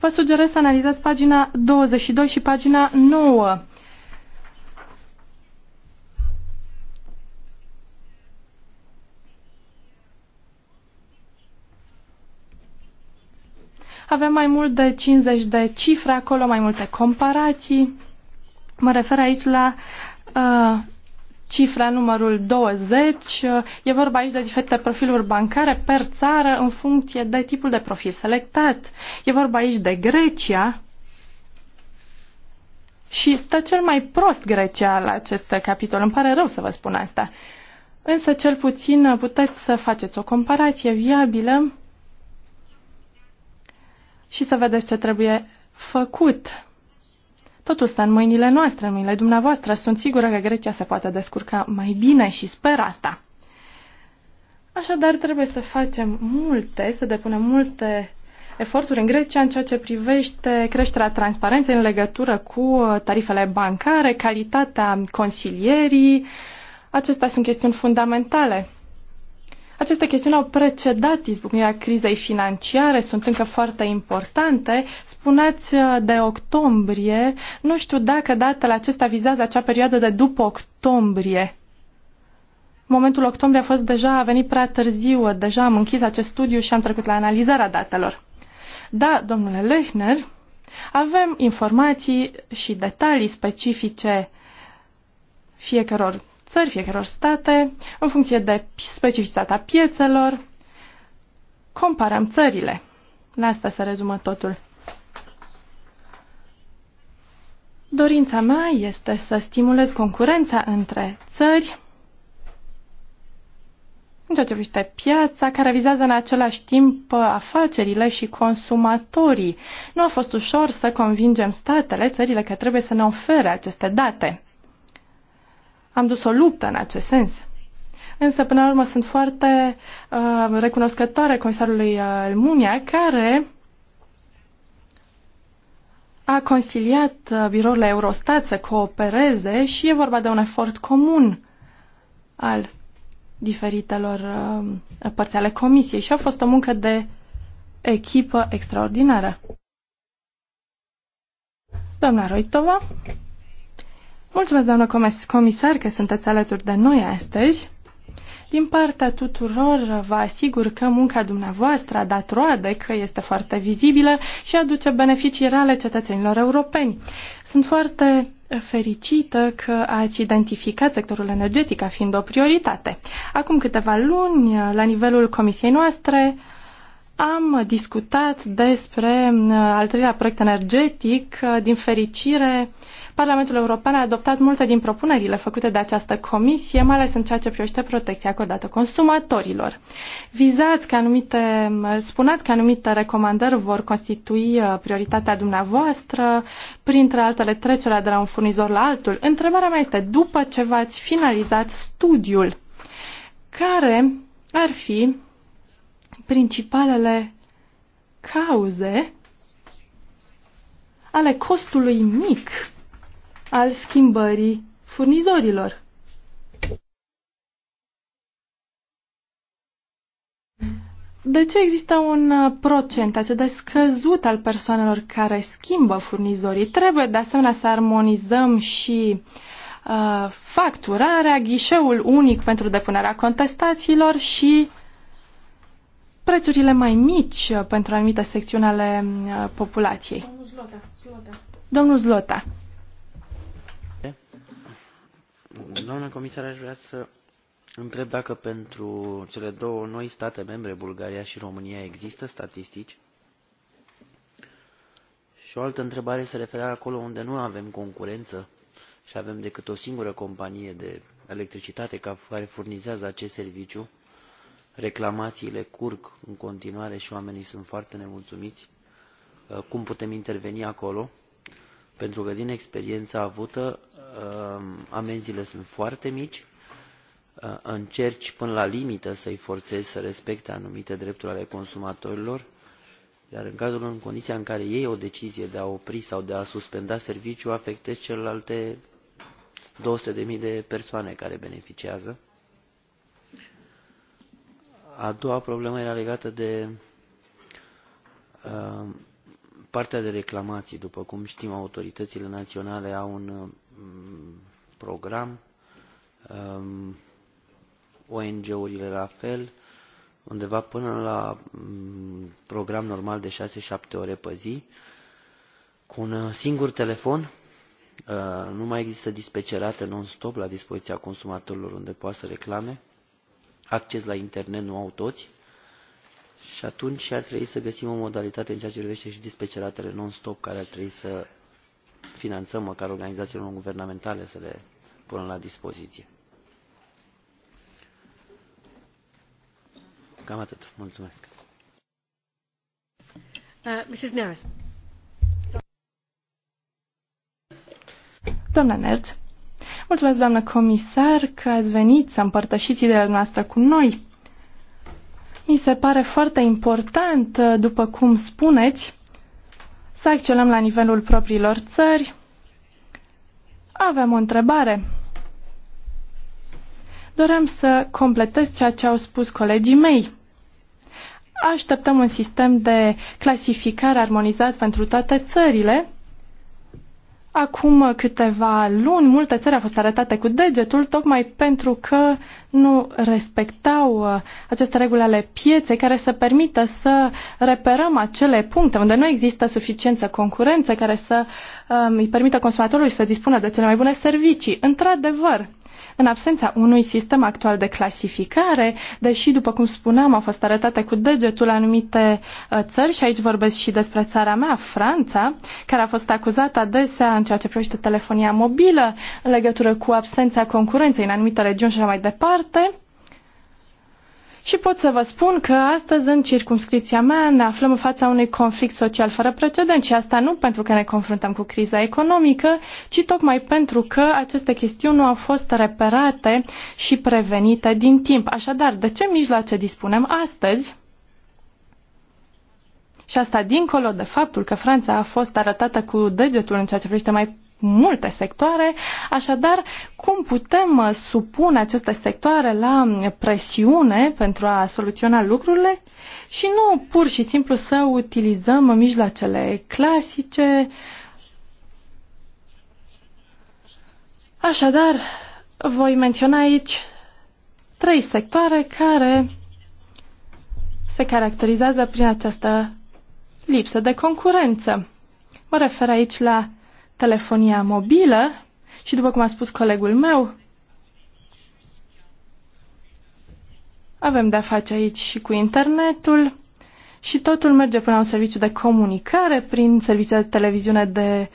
Vă sugerez să analizați pagina 22 și pagina 9. Avem mai mult de 50 de cifre acolo, mai multe comparații. Mă refer aici la uh, cifra numărul 20. E vorba aici de diferite profiluri bancare per țară în funcție de tipul de profil selectat. E vorba aici de Grecia și stă cel mai prost Grecia la acest capitol. Îmi pare rău să vă spun asta. Însă cel puțin puteți să faceți o comparație viabilă și să vedeți ce trebuie făcut Totul stă în mâinile noastre, în mâinile dumneavoastră. Sunt sigură că Grecia se poate descurca mai bine și sper asta. Așadar, trebuie să facem multe, să depunem multe eforturi în Grecia în ceea ce privește creșterea transparenței în legătură cu uh, tarifele bancare, calitatea consilierii. Acestea sunt chestiuni fundamentale. Aceste chestiuni au precedat izbucnirea crizei financiare, sunt încă foarte importante. Spuneați uh, de octombrie, nu știu dacă datele acestea vizează acea perioadă de după octombrie. Momentul octombrie a fost deja, a venit prea târziu, deja am închis acest studiu și am trecut la analizarea datelor. Da, domnule Lechner, avem informații și detalii specifice fiecăror țări, fiecăror state, în funcție de specificitatea piețelor. Comparăm țările. La asta se rezumă totul. Dorința mea este să stimulez concurența între țări în ceea ce privește piața, care vizează în același timp afacerile și consumatorii. Nu a fost ușor să convingem statele, țările, că trebuie să ne ofere aceste date. Am dus o luptă în acest sens. Însă, până la urmă, sunt foarte uh, recunoscătoare comisarului uh, Almunia, care a consiliat uh, birourile Eurostat să coopereze și e vorba de un efort comun al diferitelor uh, părți ale comisiei și a fost o muncă de echipă extraordinară. Doamna Roitova. Mulțumesc, doamnă comisar, că sunteți alături de noi astăzi. Din partea tuturor, vă asigur că munca dumneavoastră a dat roade, că este foarte vizibilă și aduce beneficii reale cetățenilor europeni. Sunt foarte fericită că ați identificat sectorul energetic ca fiind o prioritate. Acum câteva luni, la nivelul comisiei noastre, am discutat despre uh, al treilea proiect energetic. Uh, din fericire, uh, Parlamentul European a adoptat multe din propunerile făcute de această comisie, mai ales în ceea ce privește protecția acordată consumatorilor. Vizați că anumite, spuneați că anumite recomandări vor constitui uh, prioritatea dumneavoastră, printre altele trecerea de la un furnizor la altul. Întrebarea mea este, după ce v-ați finalizat studiul, care ar fi principalele cauze ale costului mic al schimbării furnizorilor. De ce există un uh, procent atât de scăzut al persoanelor care schimbă furnizorii? Trebuie de asemenea să armonizăm și uh, facturarea, ghișeul unic pentru depunerea contestațiilor și prețurile mai mici uh, pentru anumite secțiuni ale uh, populației. Domnul Zlota. Zlota. Domnul Zlota. Doamnă comisar, aș vrea să întreb dacă pentru cele două noi state membre, Bulgaria și România, există statistici? Și o altă întrebare se referă acolo unde nu avem concurență și avem decât o singură companie de electricitate care furnizează acest serviciu. Reclamațiile curg în continuare și oamenii sunt foarte nemulțumiți. Cum putem interveni acolo? Pentru că din experiența avută, Ehm, amenziile sunt foarte mici, ehm, încerci până la limită să-i forțezi să respecte anumite drepturi ale consumatorilor, iar în cazul în condiția în care iei o decizie de a opri sau de a suspenda serviciul, afectezi celelalte 200.000 de persoane care beneficiază. A doua problemă era legată de uh, partea de reclamații. După cum știm, autoritățile naționale au un Mm, program, um, ONG-urile la fel, undeva până la mm, program normal de 6-7 ore pe zi, cu un uh, singur telefon, uh, nu mai există dispecerate non-stop la dispoziția consumatorilor unde poate să reclame, acces la internet nu au toți, și atunci ar trebui să găsim o modalitate în ceea ce privește și dispeceratele non-stop care ar trebui să finanțăm măcar organizațiile non-guvernamentale să le punem la dispoziție. Cam atât. Mulțumesc. Uh, Mrs. Neres. Doamna Nerz, mulțumesc, doamnă comisar, că ați venit să împărtășiți ideile noastre cu noi. Mi se pare foarte important, după cum spuneți, să acționăm la nivelul propriilor țări. Avem o întrebare. Dorem să completez ceea ce au spus colegii mei. Așteptăm un sistem de clasificare armonizat pentru toate țările Acum câteva luni, multe țări au fost arătate cu degetul tocmai pentru că nu respectau uh, aceste reguli ale pieței care să permită să reperăm acele puncte unde nu există suficiență concurență care să um, îi permită consumatorului să dispună de cele mai bune servicii. Într-adevăr, în absența unui sistem actual de clasificare, deși, după cum spuneam, au fost arătate cu degetul anumite uh, țări, și aici vorbesc și despre țara mea, Franța, care a fost acuzată adesea în ceea ce privește telefonia mobilă, în legătură cu absența concurenței în anumite regiuni și așa mai departe, și pot să vă spun că astăzi în circumscripția mea ne aflăm în fața unui conflict social fără precedent și asta nu pentru că ne confruntăm cu criza economică, ci tocmai pentru că aceste chestiuni nu au fost reperate și prevenite din timp. Așadar, de ce mijloace dispunem astăzi? Și asta dincolo de faptul că Franța a fost arătată cu degetul în ceea ce privește mai multe sectoare, așadar cum putem uh, supune aceste sectoare la um, presiune pentru a soluționa lucrurile și nu pur și simplu să utilizăm mijloacele clasice. Așadar, voi menționa aici trei sectoare care se caracterizează prin această lipsă de concurență. Mă refer aici la telefonia mobilă și, după cum a spus colegul meu, avem de-a face aici și cu internetul și totul merge până la un serviciu de comunicare prin serviciu de televiziune de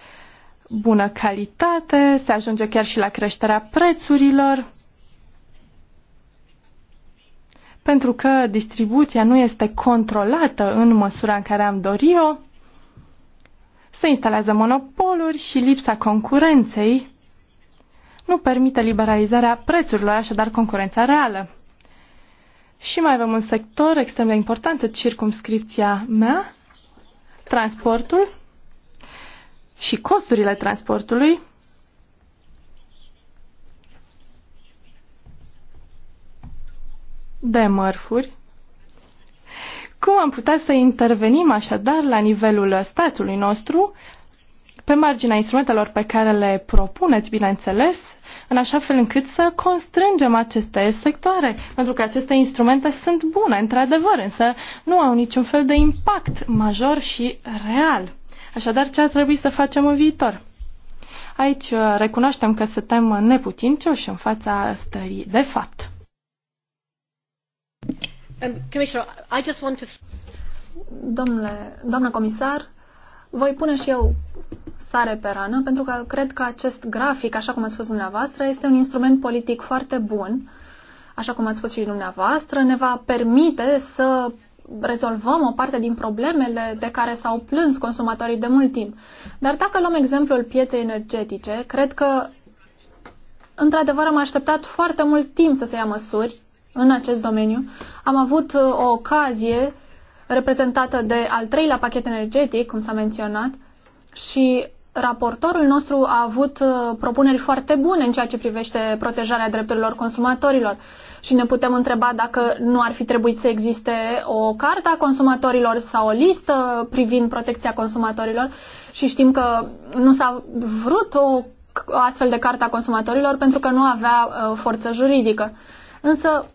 bună calitate, se ajunge chiar și la creșterea prețurilor. Pentru că distribuția nu este controlată în măsura în care am dorit o se instalează monopoluri și lipsa concurenței nu permite liberalizarea prețurilor, așadar concurența reală. Și mai avem un sector extrem de important, circumscripția mea, transportul și costurile transportului. de mărfuri cum am putea să intervenim așadar la nivelul statului nostru, pe marginea instrumentelor pe care le propuneți, bineînțeles, în așa fel încât să constrângem aceste sectoare, pentru că aceste instrumente sunt bune, într-adevăr, însă nu au niciun fel de impact major și real. Așadar, ce ar trebui să facem în viitor? Aici uh, recunoaștem că suntem neputincioși în fața stării de fapt. Um, Domnule, doamnă comisar, voi pune și eu sare pe rană, pentru că cred că acest grafic, așa cum ați spus dumneavoastră, este un instrument politic foarte bun, așa cum ați spus și dumneavoastră, ne va permite să rezolvăm o parte din problemele de care s-au plâns consumatorii de mult timp. Dar dacă luăm exemplul pieței energetice, cred că într-adevăr am așteptat foarte mult timp să se ia măsuri în acest domeniu. Am avut uh, o ocazie reprezentată de al treilea pachet energetic, cum s-a menționat, și raportorul nostru a avut uh, propuneri foarte bune în ceea ce privește protejarea drepturilor consumatorilor. Și ne putem întreba dacă nu ar fi trebuit să existe o carte a consumatorilor sau o listă privind protecția consumatorilor. Și știm că nu s-a vrut o astfel de carte a consumatorilor pentru că nu avea uh, forță juridică. Însă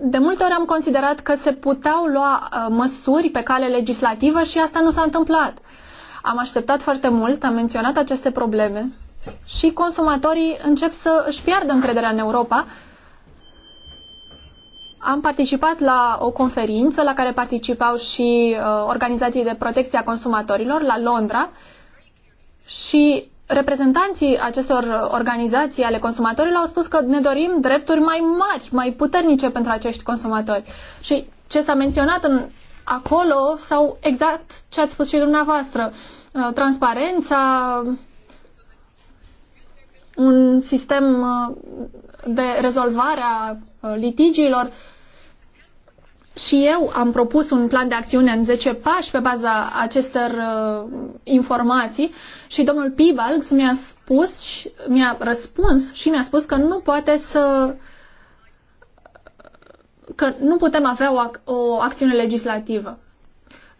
de multe ori am considerat că se puteau lua uh, măsuri pe cale legislativă și asta nu s-a întâmplat. Am așteptat foarte mult, am menționat aceste probleme și consumatorii încep să își piardă încrederea în Europa. Am participat la o conferință la care participau și uh, organizații de protecție a consumatorilor la Londra și reprezentanții acestor organizații ale consumatorilor au spus că ne dorim drepturi mai mari, mai puternice pentru acești consumatori. Și ce s-a menționat în, acolo sau exact ce ați spus și dumneavoastră, uh, transparența, un sistem uh, de rezolvare a uh, litigiilor, și eu am propus un plan de acțiune în 10 pași pe baza acestor uh, informații și domnul Pibalgs mi-a spus, mi-a răspuns și mi-a spus că nu poate să că nu putem avea o, o acțiune legislativă.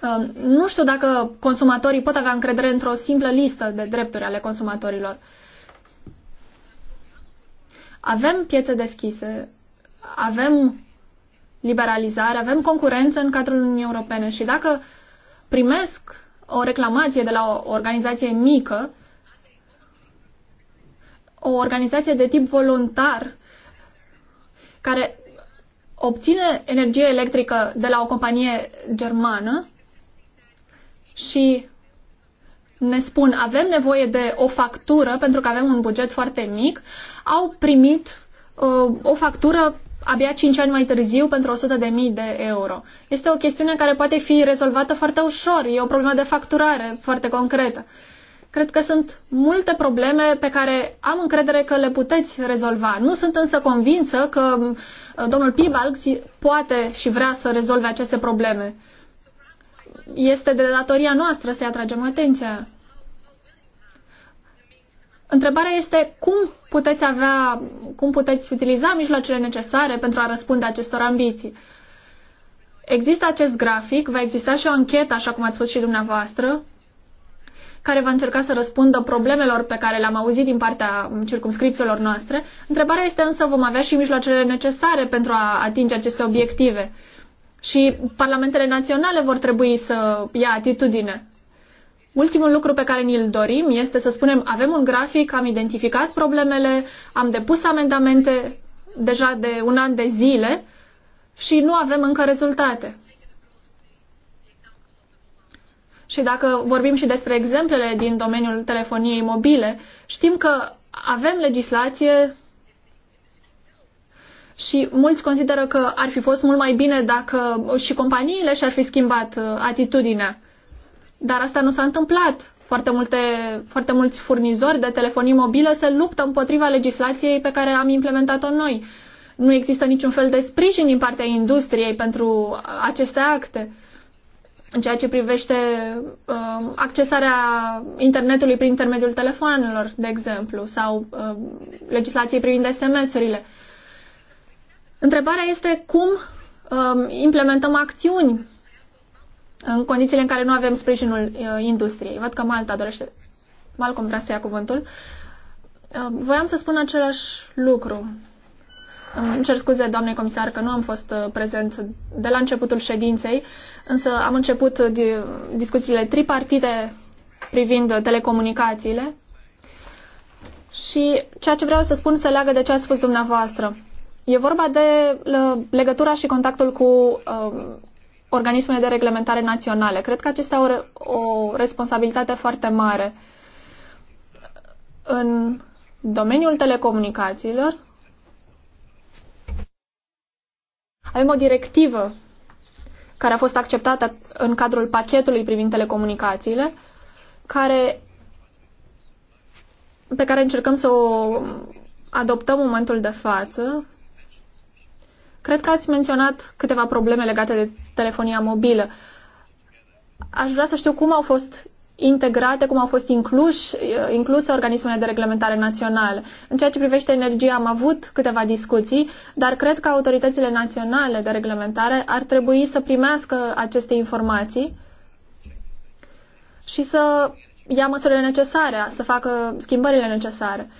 Uh, nu știu dacă consumatorii pot avea încredere într-o simplă listă de drepturi ale consumatorilor. Avem piețe deschise, avem liberalizare, avem concurență în cadrul Uniunii Europene și dacă primesc o reclamație de la o organizație mică, o organizație de tip voluntar care obține energie electrică de la o companie germană și ne spun avem nevoie de o factură pentru că avem un buget foarte mic, au primit uh, o factură abia 5 ani mai târziu pentru 100.000 de euro. Este o chestiune care poate fi rezolvată foarte ușor, e o problemă de facturare foarte concretă. Cred că sunt multe probleme pe care am încredere că le puteți rezolva. Nu sunt însă convinsă că uh, domnul Pibalg poate și vrea să rezolve aceste probleme. Este de datoria noastră să-i atragem atenția. Întrebarea este cum puteți avea, cum puteți utiliza mijloacele necesare pentru a răspunde acestor ambiții. Există acest grafic, va exista și o anchetă, așa cum ați spus și dumneavoastră, care va încerca să răspundă problemelor pe care le-am auzit din partea circumscripțiilor noastre. Întrebarea este însă, vom avea și mijloacele necesare pentru a atinge aceste obiective. Și parlamentele naționale vor trebui să ia atitudine. Ultimul lucru pe care ni-l dorim este să spunem avem un grafic, am identificat problemele, am depus amendamente deja de un an de zile și nu avem încă rezultate. Și dacă vorbim și despre exemplele din domeniul telefoniei mobile, știm că avem legislație și mulți consideră că ar fi fost mult mai bine dacă și companiile și-ar fi schimbat uh, atitudinea. Dar asta nu s-a întâmplat. Foarte, multe, foarte mulți furnizori de telefonie mobilă se luptă împotriva legislației pe care am implementat-o noi. Nu există niciun fel de sprijin din partea industriei pentru aceste acte. În ceea ce privește uh, accesarea internetului prin intermediul telefoanelor, de exemplu, sau uh, legislației privind SMS-urile. Întrebarea este cum uh, implementăm acțiuni în condițiile în care nu avem sprijinul uh, industriei. Văd că Malta dorește. Malcolm vrea să ia cuvântul. Uh, voiam să spun același lucru. Îmi cer scuze, doamne comisar, că nu am fost uh, prezent de la începutul ședinței, însă am început discuțiile tripartite privind telecomunicațiile și ceea ce vreau să spun se leagă de ce ați spus dumneavoastră. E vorba de legătura și contactul cu organismele de reglementare naționale. Cred că acestea au o responsabilitate foarte mare. În domeniul telecomunicațiilor avem o directivă care a fost acceptată în cadrul pachetului privind telecomunicațiile, care, pe care încercăm să o adoptăm în momentul de față. Cred că ați menționat câteva probleme legate de telefonia mobilă. Aș vrea să știu cum au fost integrate, cum au fost incluși, uh, incluse organismele de reglementare naționale. În ceea ce privește energia am avut câteva discuții, dar cred că autoritățile naționale de reglementare ar trebui să primească aceste informații și să ia măsurile necesare, să facă schimbările necesare.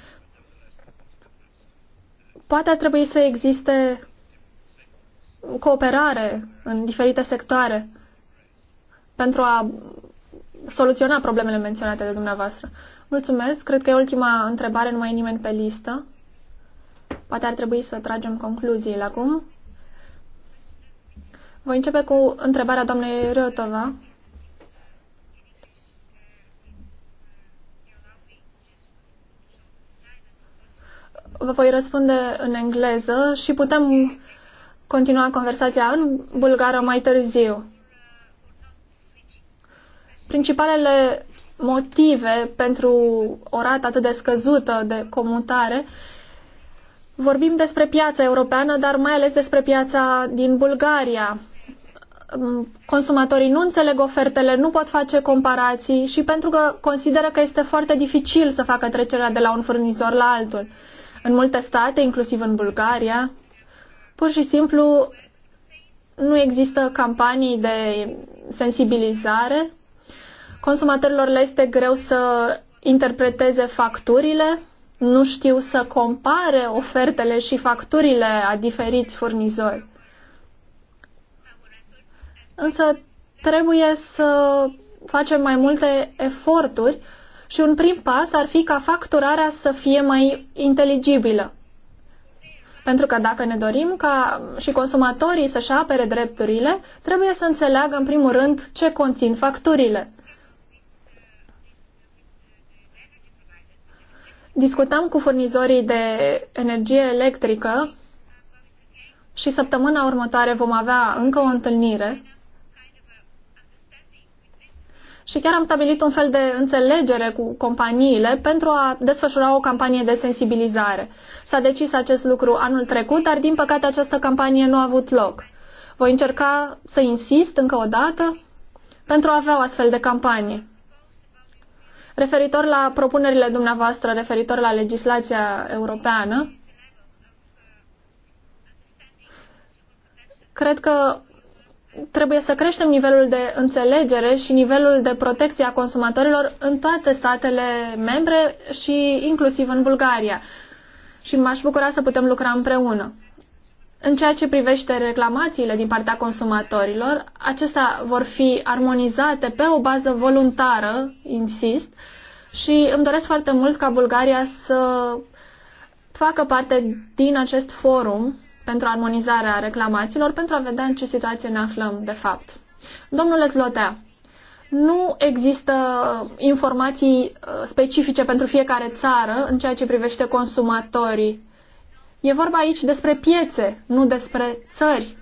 Poate ar trebui să existe cooperare în diferite sectoare pentru a soluționa problemele menționate de dumneavoastră. Mulțumesc. Cred că e ultima întrebare, nu mai e nimeni pe listă. Poate ar trebui să tragem concluziile acum. Voi începe cu întrebarea doamnei Rătova. Vă voi răspunde în engleză și putem continua conversația în bulgară mai târziu. Principalele motive pentru o rată atât de scăzută de comutare Vorbim despre piața europeană, dar mai ales despre piața din Bulgaria. Consumatorii nu înțeleg ofertele, nu pot face comparații și pentru că consideră că este foarte dificil să facă trecerea de la un furnizor la altul. În multe state, inclusiv în Bulgaria, Pur și simplu nu există campanii de sensibilizare. Consumatorilor le este greu să interpreteze facturile, nu știu să compare ofertele și facturile a diferiți furnizori. Însă trebuie să facem mai multe eforturi și un prim pas ar fi ca facturarea să fie mai inteligibilă. Pentru că dacă ne dorim ca și consumatorii să-și apere drepturile, trebuie să înțeleagă în primul rând ce conțin facturile. Discutam cu furnizorii de energie electrică și săptămâna următoare vom avea încă o întâlnire și chiar am stabilit un fel de înțelegere cu companiile pentru a desfășura o campanie de sensibilizare. S-a decis acest lucru anul trecut, dar din păcate această campanie nu a avut loc. Voi încerca să insist încă o dată pentru a avea o astfel de campanie. Referitor la propunerile dumneavoastră, referitor la legislația europeană, cred că trebuie să creștem nivelul de înțelegere și nivelul de protecție a consumatorilor în toate statele membre și inclusiv în Bulgaria. Și m-aș bucura să putem lucra împreună. În ceea ce privește reclamațiile din partea consumatorilor, acestea vor fi armonizate pe o bază voluntară, insist, și îmi doresc foarte mult ca Bulgaria să facă parte din acest forum pentru armonizarea reclamațiilor, pentru a vedea în ce situație ne aflăm, de fapt. Domnule Zlotea, nu există informații uh, specifice pentru fiecare țară în ceea ce privește consumatorii. E vorba aici despre piețe, nu despre țări.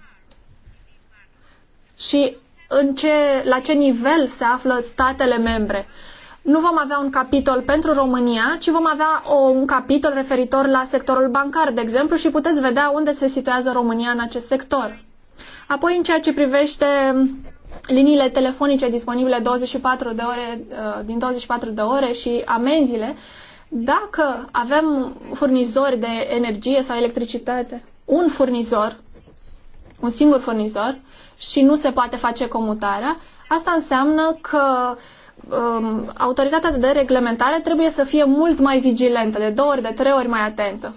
Și în ce, la ce nivel se află statele membre nu vom avea un capitol pentru România, ci vom avea o, un capitol referitor la sectorul bancar, de exemplu, și puteți vedea unde se situează România în acest sector. Apoi, în ceea ce privește liniile telefonice disponibile 24 de ore, uh, din 24 de ore și amenziile, dacă avem furnizori de energie sau electricitate, un furnizor, un singur furnizor, și nu se poate face comutarea, asta înseamnă că uh, um, autoritatea de reglementare trebuie să fie mult mai vigilentă, de două ori, de trei ori mai atentă.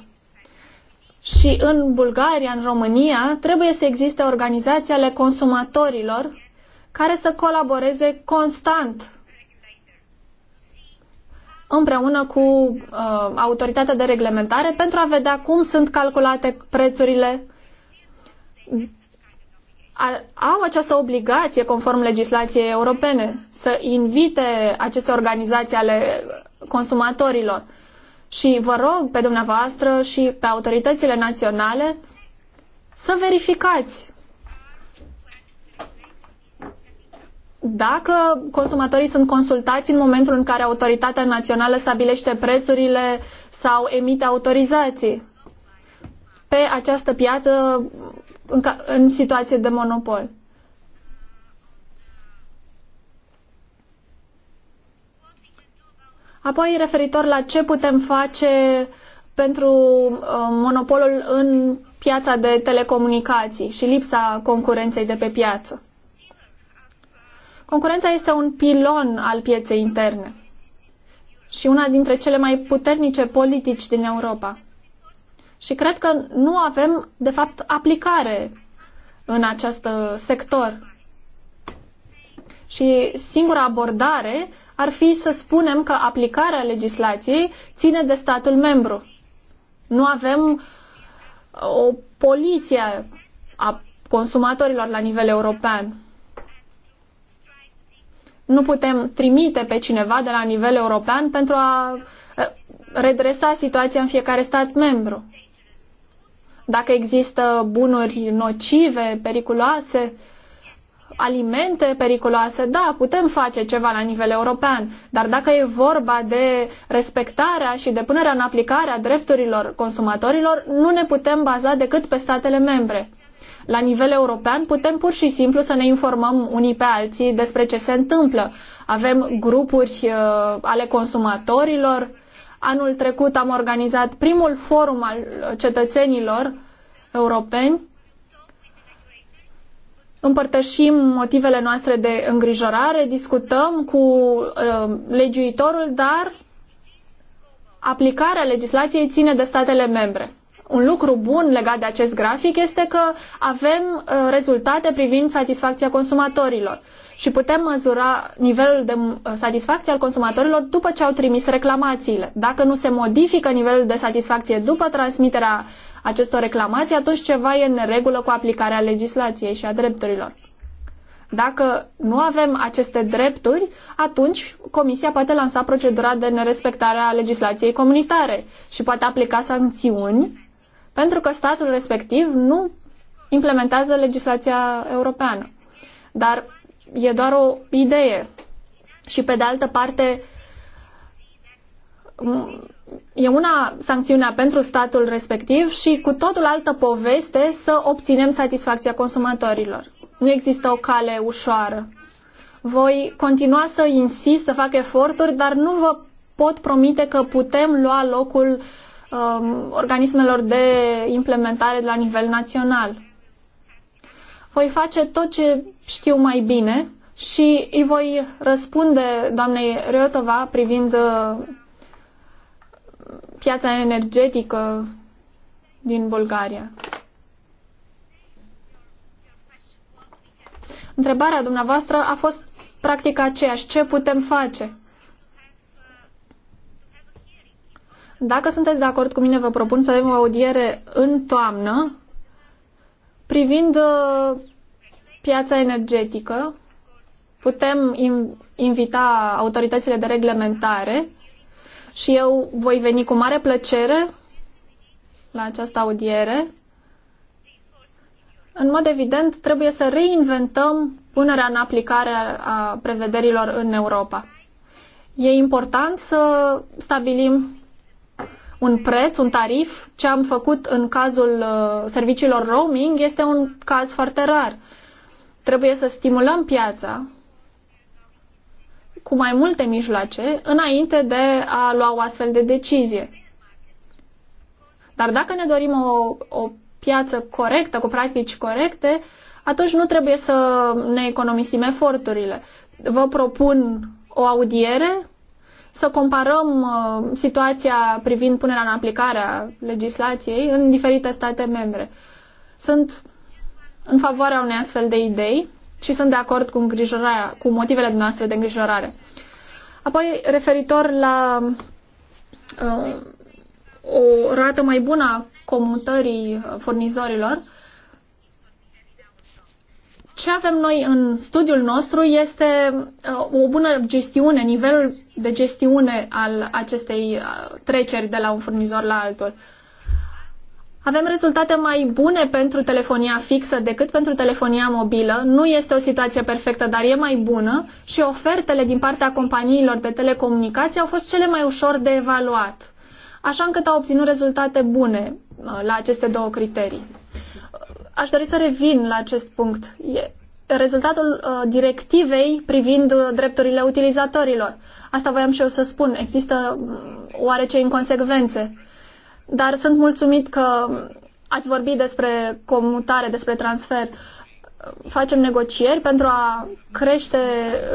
Și în Bulgaria, în România, trebuie să existe organizații ale consumatorilor care să colaboreze constant împreună cu uh, autoritatea de reglementare pentru a vedea cum sunt calculate prețurile, ar, au această obligație, conform legislației europene, să invite aceste organizații ale consumatorilor. Și vă rog pe dumneavoastră și pe autoritățile naționale să verificați dacă consumatorii sunt consultați în momentul în care autoritatea națională stabilește prețurile sau emite autorizații. Pe această piață în, ca, în situație de monopol. Apoi, referitor la ce putem face pentru uh, monopolul în piața de telecomunicații și lipsa concurenței de pe piață. Concurența este un pilon al pieței interne și una dintre cele mai puternice politici din Europa. Și cred că nu avem, de fapt, aplicare în acest sector. Și singura abordare ar fi să spunem că aplicarea legislației ține de statul membru. Nu avem uh, o poliție a consumatorilor la nivel european. Nu putem trimite pe cineva de la nivel european pentru a uh, redresa situația în fiecare stat membru dacă există bunuri nocive, periculoase, alimente periculoase, da, putem face ceva la nivel european, dar dacă e vorba de respectarea și de punerea în aplicare a drepturilor consumatorilor, nu ne putem baza decât pe statele membre. La nivel european putem pur și simplu să ne informăm unii pe alții despre ce se întâmplă. Avem grupuri uh, ale consumatorilor, uh, Anul trecut am organizat primul forum al cetățenilor europeni. Împărtășim motivele noastre de îngrijorare, discutăm cu uh, legiuitorul, dar aplicarea legislației ține de statele membre. Un lucru bun legat de acest grafic este că avem uh, rezultate privind satisfacția consumatorilor. Uh, și putem măzura nivelul de uh, satisfacție al consumatorilor după ce au trimis reclamațiile. Dacă nu se modifică nivelul de satisfacție după transmiterea acestor reclamații, atunci ceva e în regulă cu aplicarea legislației și a drepturilor. Dacă nu avem aceste drepturi, atunci Comisia poate lansa procedura de nerespectare a legislației comunitare și poate aplica sancțiuni pentru că statul respectiv nu implementează legislația europeană. Dar e doar o idee. Și pe de altă parte, e una sancțiunea pentru statul respectiv și cu totul altă poveste să obținem satisfacția consumatorilor. Nu există o cale ușoară. Voi continua să insist, să fac eforturi, dar nu vă pot promite că putem lua locul um, organismelor de implementare de la nivel național. Voi face tot ce știu mai bine și îi voi răspunde doamnei Reotova privind uh, piața energetică din Bulgaria. Întrebarea dumneavoastră a fost practic aceeași. Ce putem face? Dacă sunteți de acord cu mine, vă propun să avem o audiere în toamnă privind uh, piața energetică, putem invita autoritățile de reglementare și eu voi veni cu mare plăcere la această audiere. În mod evident, trebuie să reinventăm punerea în aplicare a prevederilor în Europa. E important să stabilim un preț, un tarif. Ce am făcut în cazul uh, serviciilor roaming este un caz foarte rar. Trebuie să stimulăm piața cu mai multe mijloace înainte de a lua o astfel de decizie. Dar dacă ne dorim o, o piață corectă, cu practici corecte, atunci nu trebuie să ne economisim eforturile. Vă propun o audiere, să comparăm uh, situația privind punerea în aplicare a legislației în diferite state membre. Sunt în favoarea unei astfel de idei și sunt de acord cu, îngrijorarea, cu motivele noastre de îngrijorare. Apoi, referitor la uh, o rată mai bună a comutării furnizorilor, ce avem noi în studiul nostru este uh, o bună gestiune, nivelul de gestiune al acestei uh, treceri de la un furnizor la altul. Uh, avem rezultate mai bune pentru telefonia fixă decât pentru telefonia mobilă. Nu este o situație perfectă, dar e mai bună și ofertele din partea companiilor de telecomunicații au fost cele mai ușor de evaluat. Așa încât au obținut rezultate bune uh, la aceste două criterii. Uh, aș dori să revin la acest punct. E rezultatul uh, directivei privind drepturile utilizatorilor. Asta voiam și eu să spun. Există mm, oarece inconsecvențe dar sunt mulțumit că ați vorbit despre comutare, despre transfer. Facem negocieri pentru a crește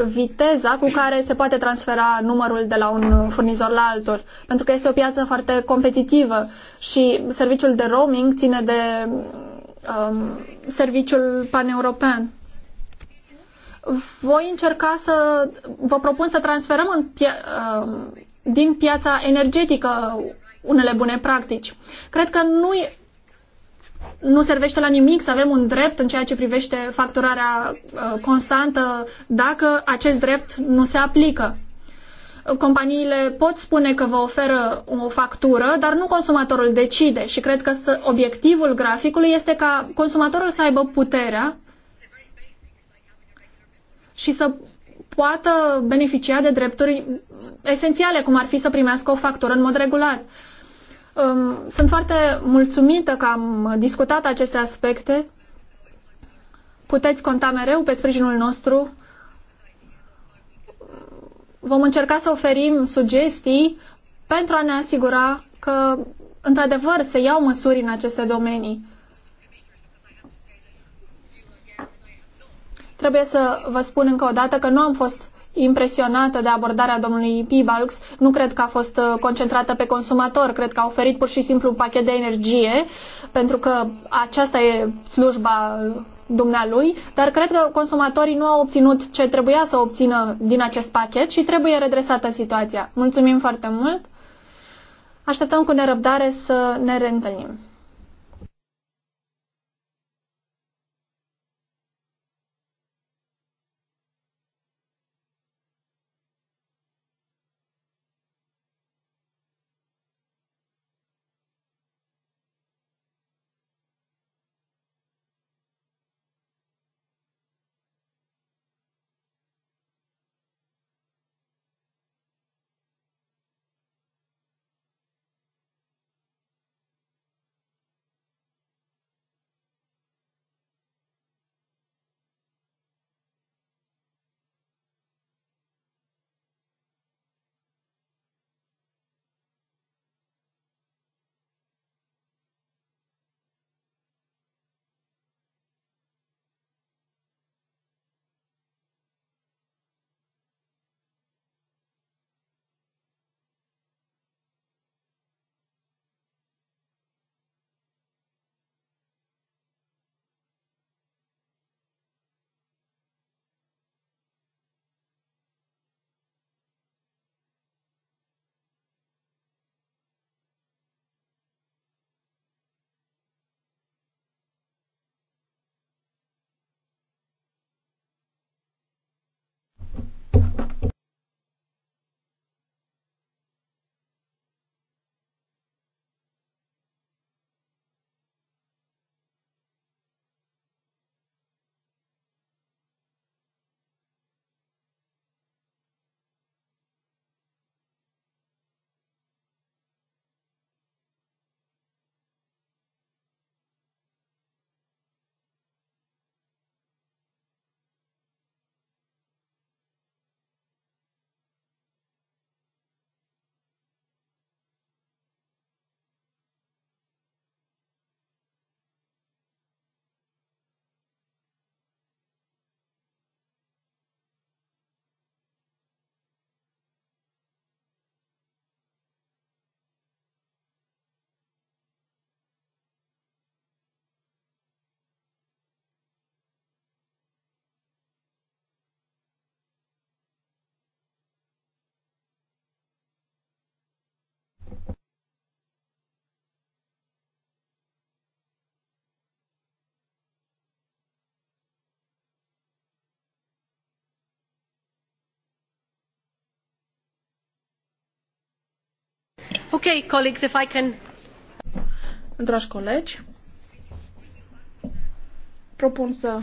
viteza cu care se poate transfera numărul de la un furnizor la altul, pentru că este o piață foarte competitivă și serviciul de roaming ține de um, serviciul paneuropean voi încerca să vă propun să transferăm în pia- um, din piața energetică unele bune practici. Cred că nu nu servește la nimic să avem un drept în ceea ce privește facturarea uh, constantă dacă acest drept nu se aplică. Companiile pot spune că vă oferă o factură, dar nu consumatorul decide și cred că obiectivul graficului este ca consumatorul să aibă puterea și să poată beneficia de drepturi esențiale, cum ar fi să primească o factură în mod regulat. Um, sunt foarte mulțumită că am discutat aceste aspecte. Puteți conta mereu pe sprijinul nostru. Vom încerca să oferim sugestii pentru a ne asigura că, într-adevăr, se iau măsuri în aceste domenii. Trebuie să vă spun încă o dată că nu am fost impresionată de abordarea domnului Pibalx. Nu cred că a fost uh, concentrată pe consumator, cred că a oferit pur și simplu un pachet de energie, pentru că aceasta e slujba uh, dumnealui, dar cred că consumatorii nu au obținut ce trebuia să obțină din acest pachet și trebuie redresată situația. Mulțumim foarte mult! Așteptăm cu nerăbdare să ne reîntâlnim. Okay, colleagues, if I can... Dragi colegi, propun să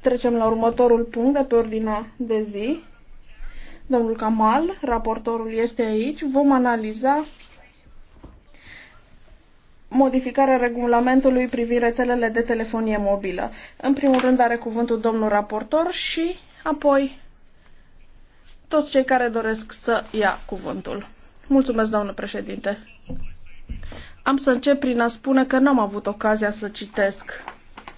trecem la următorul punct de pe ordinea de zi. Domnul Kamal, raportorul, este aici. Vom analiza modificarea regulamentului privind rețelele de telefonie mobilă. În primul rând are cuvântul domnul raportor și apoi toți cei care doresc să ia cuvântul. Mulțumesc, doamnă președinte. Am să încep prin a spune că n-am avut ocazia să citesc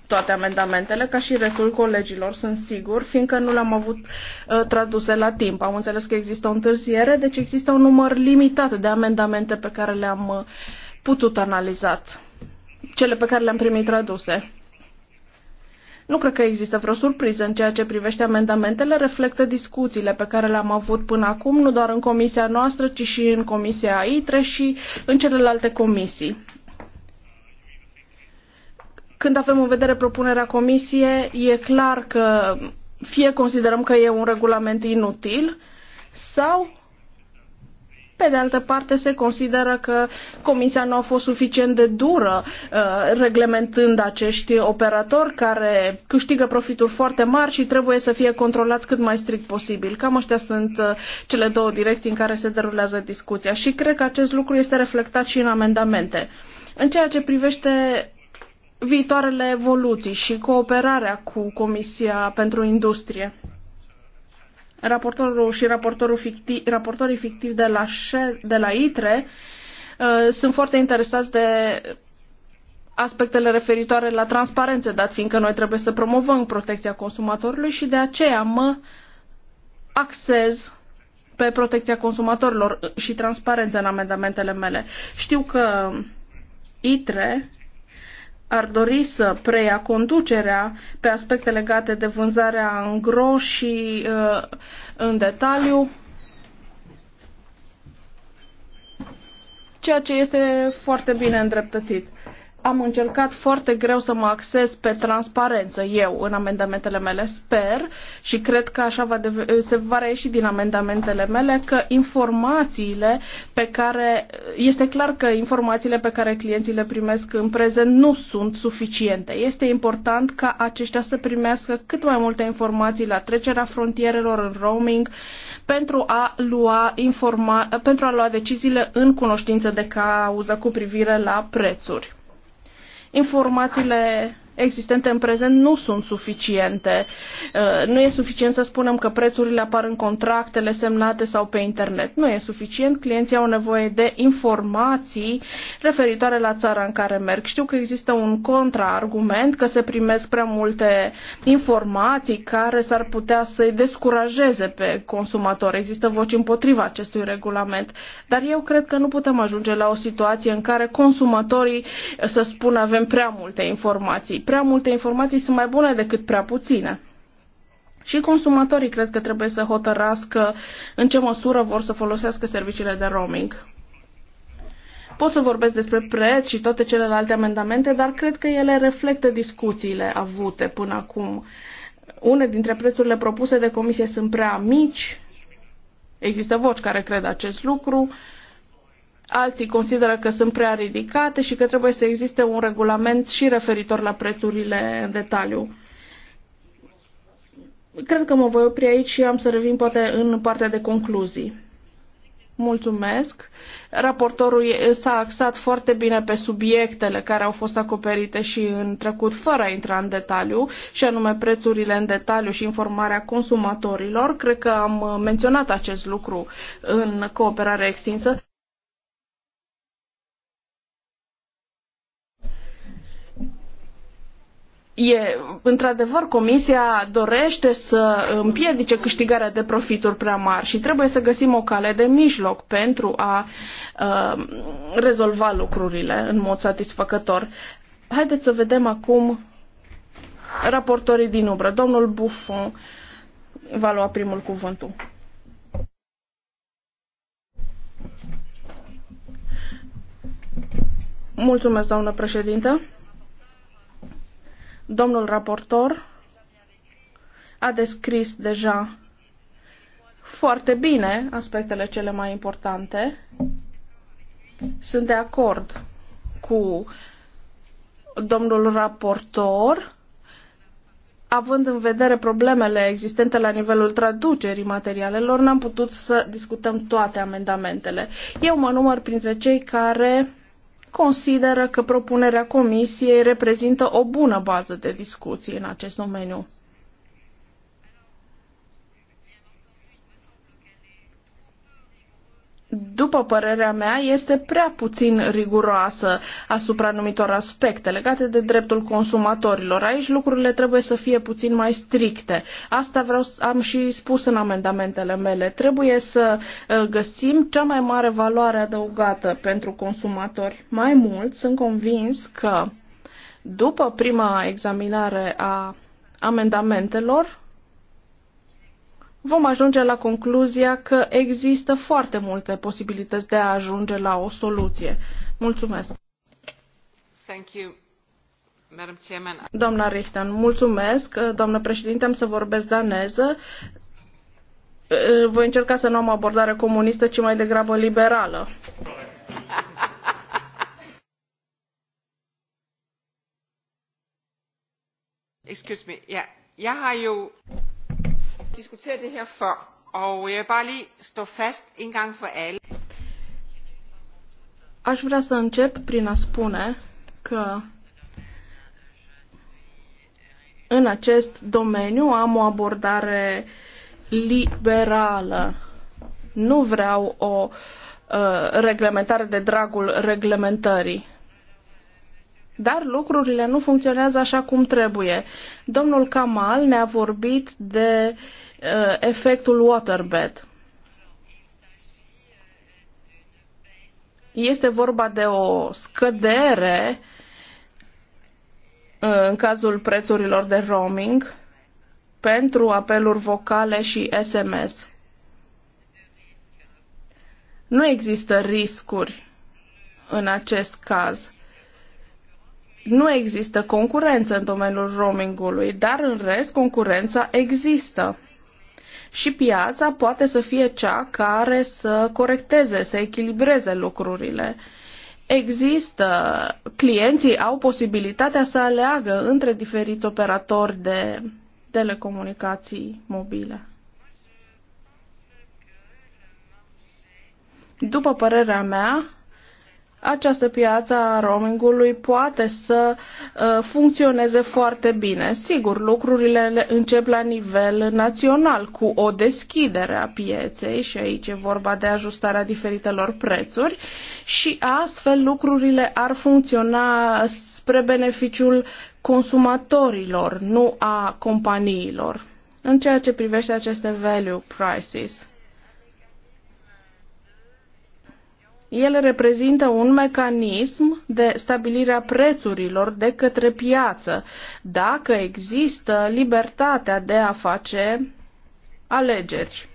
toate amendamentele, ca și restul colegilor, sunt sigur, fiindcă nu le-am avut uh, traduse la timp. Am înțeles că există o întârziere, deci există un număr limitat de amendamente pe care le-am uh, putut analiza, cele pe care le-am primit traduse. Nu cred că există vreo surpriză în ceea ce privește amendamentele, reflectă discuțiile pe care le-am avut până acum, nu doar în comisia noastră, ci și în comisia ITRE și în celelalte comisii. Când avem în vedere propunerea comisiei, e clar că fie considerăm că e un regulament inutil sau pe de altă parte, se consideră că Comisia nu a fost suficient de dură uh, reglementând acești operatori care câștigă profituri foarte mari și trebuie să fie controlați cât mai strict posibil. Cam astea sunt uh, cele două direcții în care se derulează discuția și cred că acest lucru este reflectat și în amendamente. În ceea ce privește viitoarele evoluții și cooperarea cu Comisia pentru Industrie raportorul și raportorul ficti, raportorii fictivi de la, She, de la ITRE uh, sunt foarte interesați de aspectele referitoare la transparență, dat fiindcă noi trebuie să promovăm protecția consumatorului și de aceea mă axez pe protecția consumatorilor și transparență în amendamentele mele. Știu că ITRE ar dori să preia conducerea pe aspecte legate de vânzarea în gro și uh, în detaliu, ceea ce este foarte bine îndreptățit am încercat foarte greu să mă acces pe transparență eu în amendamentele mele. Sper și cred că așa va deve- se va reieși din amendamentele mele că informațiile pe care este clar că informațiile pe care clienții le primesc în prezent nu sunt suficiente. Este important ca aceștia să primească cât mai multe informații la trecerea frontierelor în roaming pentru a lua informa- pentru a lua deciziile în cunoștință de cauză cu privire la prețuri informațiile existente în prezent nu sunt suficiente. Uh, nu e suficient să spunem că prețurile apar în contractele semnate sau pe internet. Nu e suficient. Clienții au nevoie de informații referitoare la țara în care merg. Știu că există un contraargument că se primesc prea multe informații care s-ar putea să-i descurajeze pe consumator. Există voci împotriva acestui regulament. Dar eu cred că nu putem ajunge la o situație în care consumatorii să spună avem prea multe informații prea multe informații sunt mai bune decât prea puține. Și consumatorii cred că trebuie să hotărască în ce măsură vor să folosească serviciile de roaming. Pot să vorbesc despre preț și toate celelalte amendamente, dar cred că ele reflectă discuțiile avute până acum. Une dintre prețurile propuse de comisie sunt prea mici, există voci care cred acest lucru, alții consideră că sunt prea ridicate și că trebuie să existe un regulament și referitor la prețurile în detaliu. Cred că mă voi opri aici și am să revin poate în partea de concluzii. Mulțumesc. Raportorul s-a axat foarte bine pe subiectele care au fost acoperite și în trecut fără a intra în detaliu, și anume prețurile în detaliu și informarea consumatorilor. Cred că am menționat acest lucru în cooperare extinsă. e, într-adevăr, Comisia dorește să împiedice câștigarea de profituri prea mari și trebuie să găsim o cale de mijloc pentru a uh, rezolva lucrurile în mod satisfăcător. Haideți să vedem acum raportorii din umbră. Domnul Buffon va lua primul cuvântul. Mulțumesc, doamnă președintă. Domnul raportor a descris deja foarte bine aspectele cele mai importante. Sunt de acord cu domnul raportor, având în vedere problemele existente la nivelul traducerii materialelor, n-am putut să discutăm toate amendamentele. Eu mă număr printre cei care consideră că propunerea Comisiei reprezintă o bună bază de discuții în acest domeniu. după părerea mea, este prea puțin riguroasă asupra anumitor aspecte legate de dreptul consumatorilor. Aici lucrurile trebuie să fie puțin mai stricte. Asta vreau am și spus în amendamentele mele. Trebuie să uh, găsim cea mai mare valoare adăugată pentru consumatori. Mai mult, sunt convins că după prima examinare a amendamentelor, vom ajunge la concluzia că există foarte multe posibilități de a ajunge la o soluție. Mulțumesc! Thank you. Doamna mulțumesc. Doamnă președinte, am să vorbesc daneză. Voi încerca să nu am abordare comunistă, ci mai degrabă liberală. Excuse me, yeah. Yeah, diskutere det her før, og jeg bare lige stå fast en gang for alle. Aș vrea să încep prin a spune că în acest domeniu am o abordare liberală. Nu vreau o uh, reglementare de dragul reglementării. Dar lucrurile nu funcționează așa cum trebuie. Domnul Kamal ne-a vorbit de uh, efectul waterbed. Este vorba de o scădere uh, în cazul prețurilor de roaming pentru apeluri vocale și SMS. Nu există riscuri în acest caz nu există concurență în domeniul roamingului, dar în rest concurența există. Și piața poate să fie cea care să corecteze, să echilibreze lucrurile. Există, clienții au posibilitatea să aleagă între diferiți operatori de telecomunicații mobile. După părerea mea, această piață a roamingului poate să uh, funcționeze foarte bine. Sigur, lucrurile încep la nivel național cu o deschidere a pieței și aici e vorba de ajustarea diferitelor prețuri și astfel lucrurile ar funcționa spre beneficiul consumatorilor, nu a companiilor. În ceea ce privește aceste value prices, El reprezintă un mecanism de stabilire a prețurilor de către piață, dacă există libertatea de a face alegeri.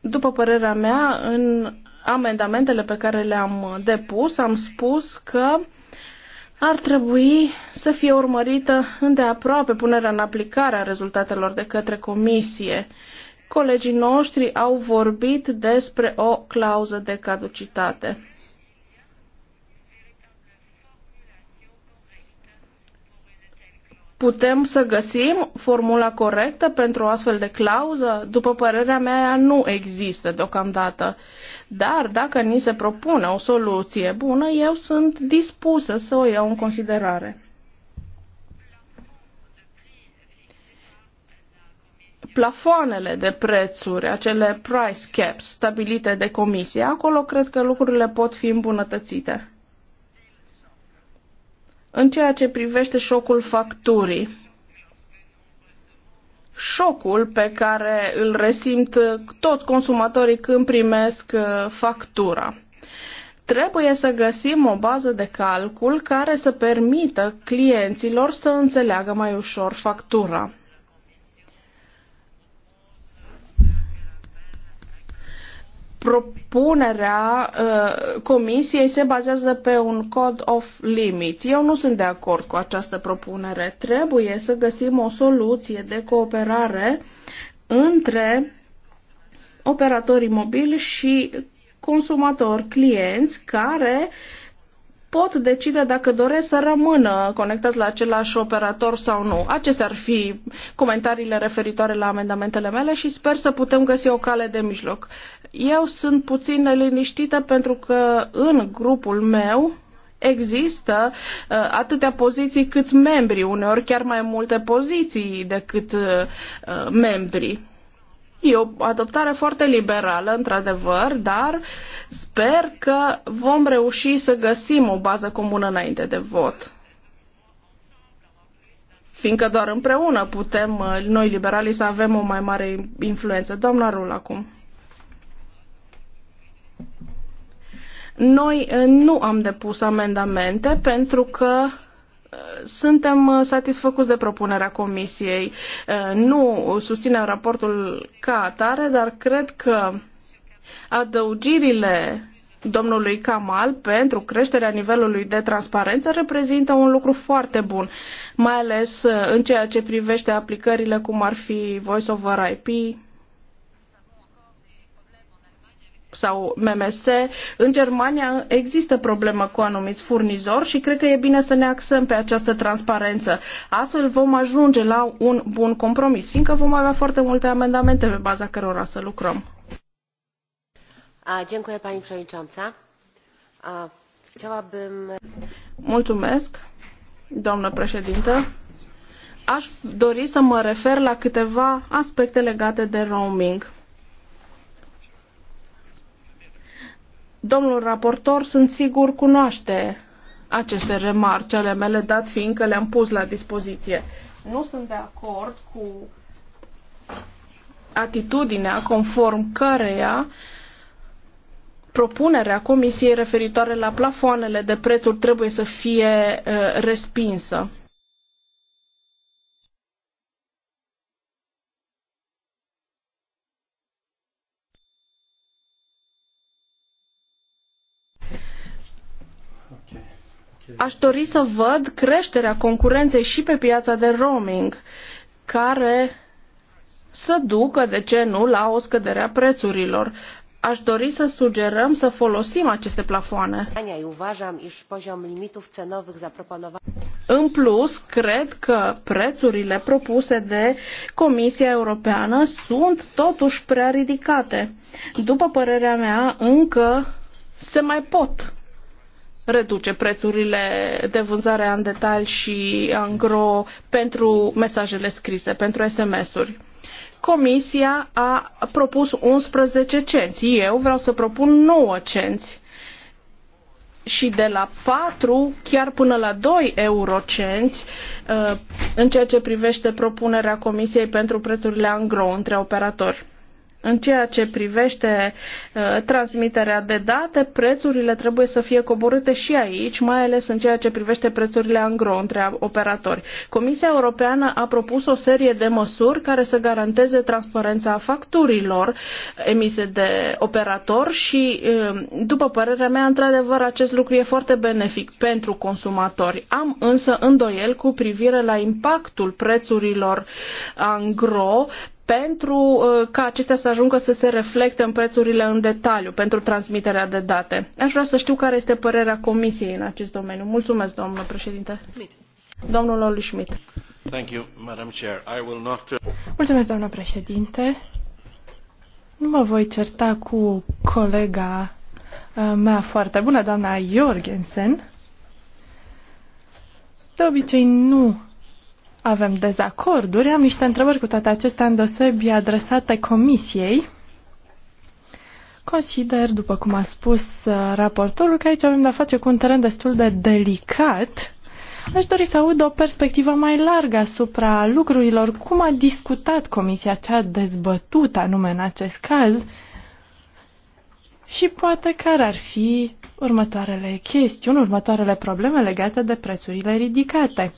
După părerea mea, în amendamentele pe care le-am depus, am spus că ar trebui să fie urmărită îndeaproape punerea în aplicare a rezultatelor de către comisie Colegii noștri au vorbit despre o clauză de caducitate. Putem să găsim formula corectă pentru o astfel de clauză? După părerea mea, nu există deocamdată. Dar dacă ni se propune o soluție bună, eu sunt dispusă să o iau în considerare. plafoanele de prețuri, acele price caps stabilite de comisie. Acolo cred că lucrurile pot fi îmbunătățite. În ceea ce privește șocul facturii, șocul pe care îl resimt toți consumatorii când primesc uh, factura. Trebuie să găsim o bază de calcul care să permită clienților să înțeleagă mai ușor factura. propunerea uh, comisiei se bazează pe un cod of limits. Eu nu sunt de acord cu această propunere. Trebuie să găsim o soluție de cooperare între operatorii mobili și consumatori, clienți care uh, pot decide dacă doresc să rămână conectați la același operator sau nu. Acestea ar fi comentariile referitoare la amendamentele mele și sper să putem găsi o cale de mijloc. Eu sunt puțin neliniștită pentru că în grupul meu există uh, atâtea poziții cât membri, uneori chiar mai multe poziții decât uh, membri. E o adoptare foarte liberală, într-adevăr, dar sper că vom reuși să găsim o bază comună înainte de vot. Fiindcă doar împreună putem, noi liberalii, să avem o mai mare influență. Doamna Rul, acum. Noi nu am depus amendamente pentru că suntem uh, satisfăcuți de propunerea Comisiei. Uh, nu susținem raportul ca atare, dar cred că adăugirile domnului Kamal pentru creșterea nivelului de transparență reprezintă un lucru foarte bun, mai ales uh, în ceea ce privește aplicările cum ar fi Voice over IP, sau MMS, în Germania există problemă cu anumiți furnizori și cred că e bine să ne axăm pe această transparență. Astfel vom ajunge la un bun compromis, fiindcă vom avea foarte multe amendamente pe baza cărora să lucrăm. Dziękuję Pani Przewodnicząca. Chciałabym... Mulțumesc, doamnă președintă. Aș dori să mă refer la câteva aspecte legate de roaming Domnul raportor, sunt sigur, cunoaște aceste remarci ale mele, dat fiind că le-am pus la dispoziție. Nu sunt de acord cu atitudinea conform căreia propunerea Comisiei referitoare la plafoanele de prețuri trebuie să fie uh, respinsă. aș dori să văd creșterea concurenței și pe piața de roaming, care să ducă, de ce nu, la o scădere a prețurilor. Aș dori să sugerăm să folosim aceste plafoane. În plus, cred că prețurile propuse de Comisia Europeană sunt totuși prea ridicate. După părerea mea, încă se mai pot reduce prețurile de vânzare în detal și în gro pentru mesajele scrise, pentru SMS-uri. Comisia a propus 11 cenți. Eu vreau să propun 9 cenți. Și de la 4 chiar până la 2 eurocenți uh, în ceea ce privește propunerea Comisiei pentru prețurile angro între operatori. În ceea ce privește uh, transmiterea de date, prețurile trebuie să fie coborâte și aici, mai ales în ceea ce privește prețurile angro între operatori. Comisia Europeană a propus o serie de măsuri care să garanteze transparența facturilor emise de operator și, uh, după părerea mea, într-adevăr, acest lucru e foarte benefic pentru consumatori. Am însă îndoiel cu privire la impactul prețurilor angro pentru uh, ca acestea să ajungă să se reflecte în prețurile în detaliu pentru transmiterea de date. Aș vrea să știu care este părerea Comisiei în acest domeniu. Mulțumesc, domnule președinte. Domnul Olu Schmidt. Thank you, Madam Chair. I will not... Uh, Mulțumesc, doamnă președinte. Nu mă voi certa cu colega uh, mea foarte bună, doamna Jorgensen. De obicei nu avem dezacorduri. Am niște întrebări cu toate acestea îndosebi adresate Comisiei. Consider, după cum a spus uh, raportorul, că aici avem de-a face cu un teren destul de delicat. Aș dori să aud o perspectivă mai largă asupra lucrurilor. Cum a discutat Comisia cea dezbătută anume în acest caz? Și poate care ar fi următoarele chestiuni, următoarele probleme legate de prețurile ridicate.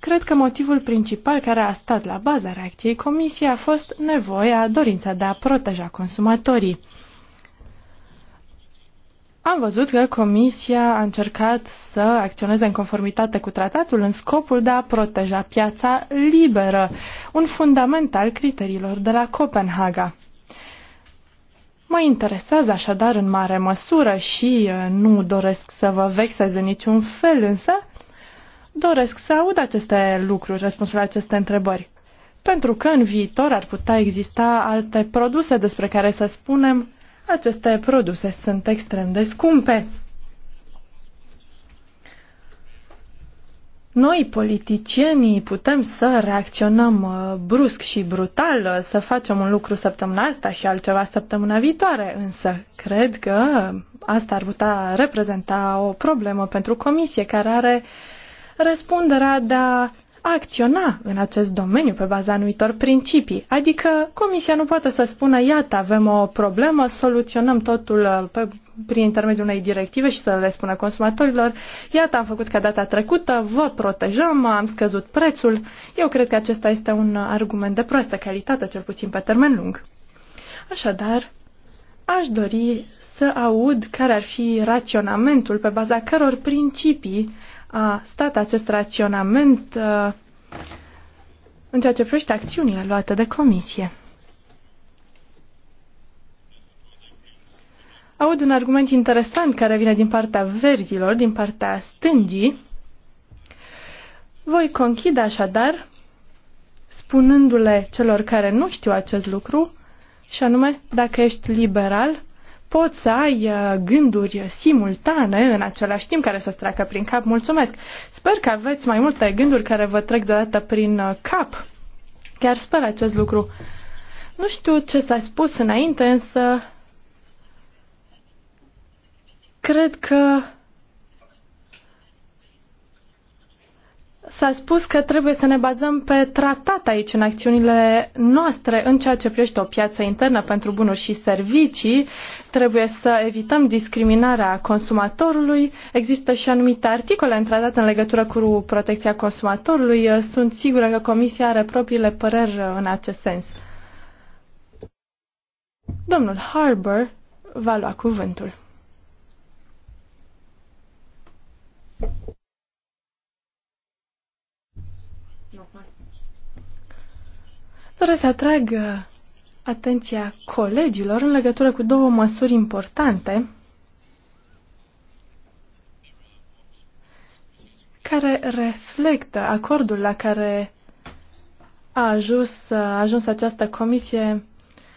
Cred că motivul principal care a stat la baza reacției Comisiei a fost nevoia, dorința de a proteja consumatorii. Am văzut că Comisia a încercat să acționeze în conformitate cu tratatul în scopul de a proteja piața liberă, un fundament al criteriilor de la Copenhaga. Mă interesează așadar în mare măsură și uh, nu doresc să vă vexez în niciun fel, însă doresc să aud aceste lucruri, răspunsul la aceste întrebări. Pentru că în viitor ar putea exista alte produse despre care să spunem aceste produse sunt extrem de scumpe. Noi, politicienii, putem să reacționăm uh, brusc și brutal, uh, să facem un lucru săptămâna asta și altceva săptămâna viitoare, însă cred că asta ar putea reprezenta o problemă pentru comisie care are uh, răspunderea de a acționa în acest domeniu pe baza anumitor principii. Adică Comisia nu poate să spună, iată, avem o problemă, soluționăm totul uh, pe, prin intermediul unei directive și să le spună consumatorilor, iată, am făcut ca data trecută, vă protejăm, am scăzut prețul. Eu cred că acesta este un argument de proastă calitate, cel puțin pe termen lung. Așadar, aș dori să aud care ar fi raționamentul pe baza căror principii a stat acest raționament uh, în ceea ce privește acțiunile luate de comisie. Aud un argument interesant care vine din partea verzilor, din partea stângii. Voi conchide așadar spunându-le celor care nu știu acest lucru, și anume, dacă ești liberal, poți să ai uh, gânduri simultane în același timp care să-ți treacă prin cap. Mulțumesc! Sper că aveți mai multe gânduri care vă trec deodată prin uh, cap. Chiar sper acest lucru. Nu știu ce s-a spus înainte, însă cred că S-a spus că trebuie să ne bazăm pe tratat aici, în acțiunile noastre, în ceea ce privește o piață internă pentru bunuri și servicii. Trebuie să evităm discriminarea consumatorului. Există și anumite articole în tratat în legătură cu protecția consumatorului. Sunt sigură că Comisia are propriile păreri în acest sens. Domnul Harbour va lua cuvântul. Doresc să atrag uh, atenția colegilor în legătură cu două măsuri importante care reflectă acordul la care a ajuns, a ajuns această comisie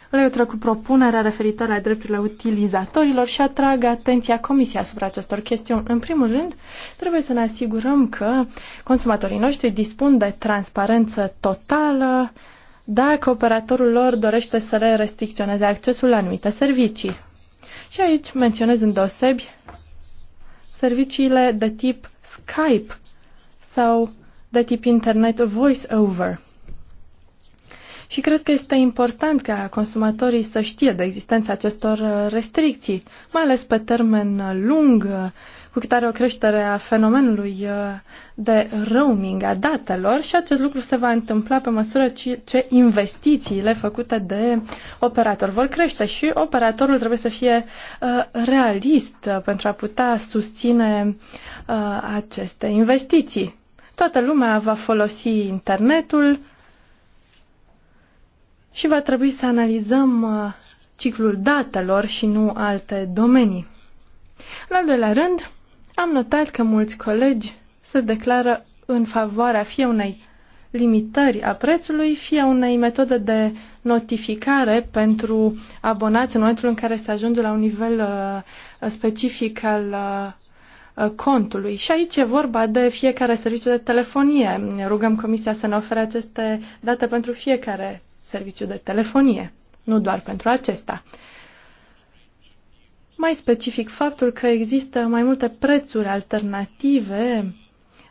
în legătură cu propunerea referitoare la drepturile utilizatorilor și atrag atenția comisiei asupra acestor chestiuni. În primul rând, trebuie să ne asigurăm că consumatorii noștri dispun de transparență totală dacă operatorul lor dorește să le restricționeze accesul la anumite servicii. Și aici menționez în dosebi serviciile de tip Skype sau de tip internet voice-over. Și cred că este important ca consumatorii să știe de existența acestor restricții, mai ales pe termen lung, cu cât are o creștere a fenomenului uh, de roaming a datelor și acest lucru se va întâmpla pe măsură ce investițiile făcute de operator vor crește și operatorul trebuie să fie uh, realist uh, pentru a putea susține aceste investiții. Toată lumea va folosi internetul și va trebui să analizăm ciclul datelor și nu alte domenii. În al doilea rând, am notat că mulți colegi se declară în favoarea fie unei limitări a prețului, fie unei metode de notificare pentru abonați în momentul în care se ajunge la un nivel uh, specific al uh, contului. Și aici e vorba de fiecare serviciu de telefonie. Ne Rugăm Comisia să ne ofere aceste date pentru fiecare serviciu de telefonie, nu doar pentru acesta. Mai specific, faptul că există mai multe prețuri alternative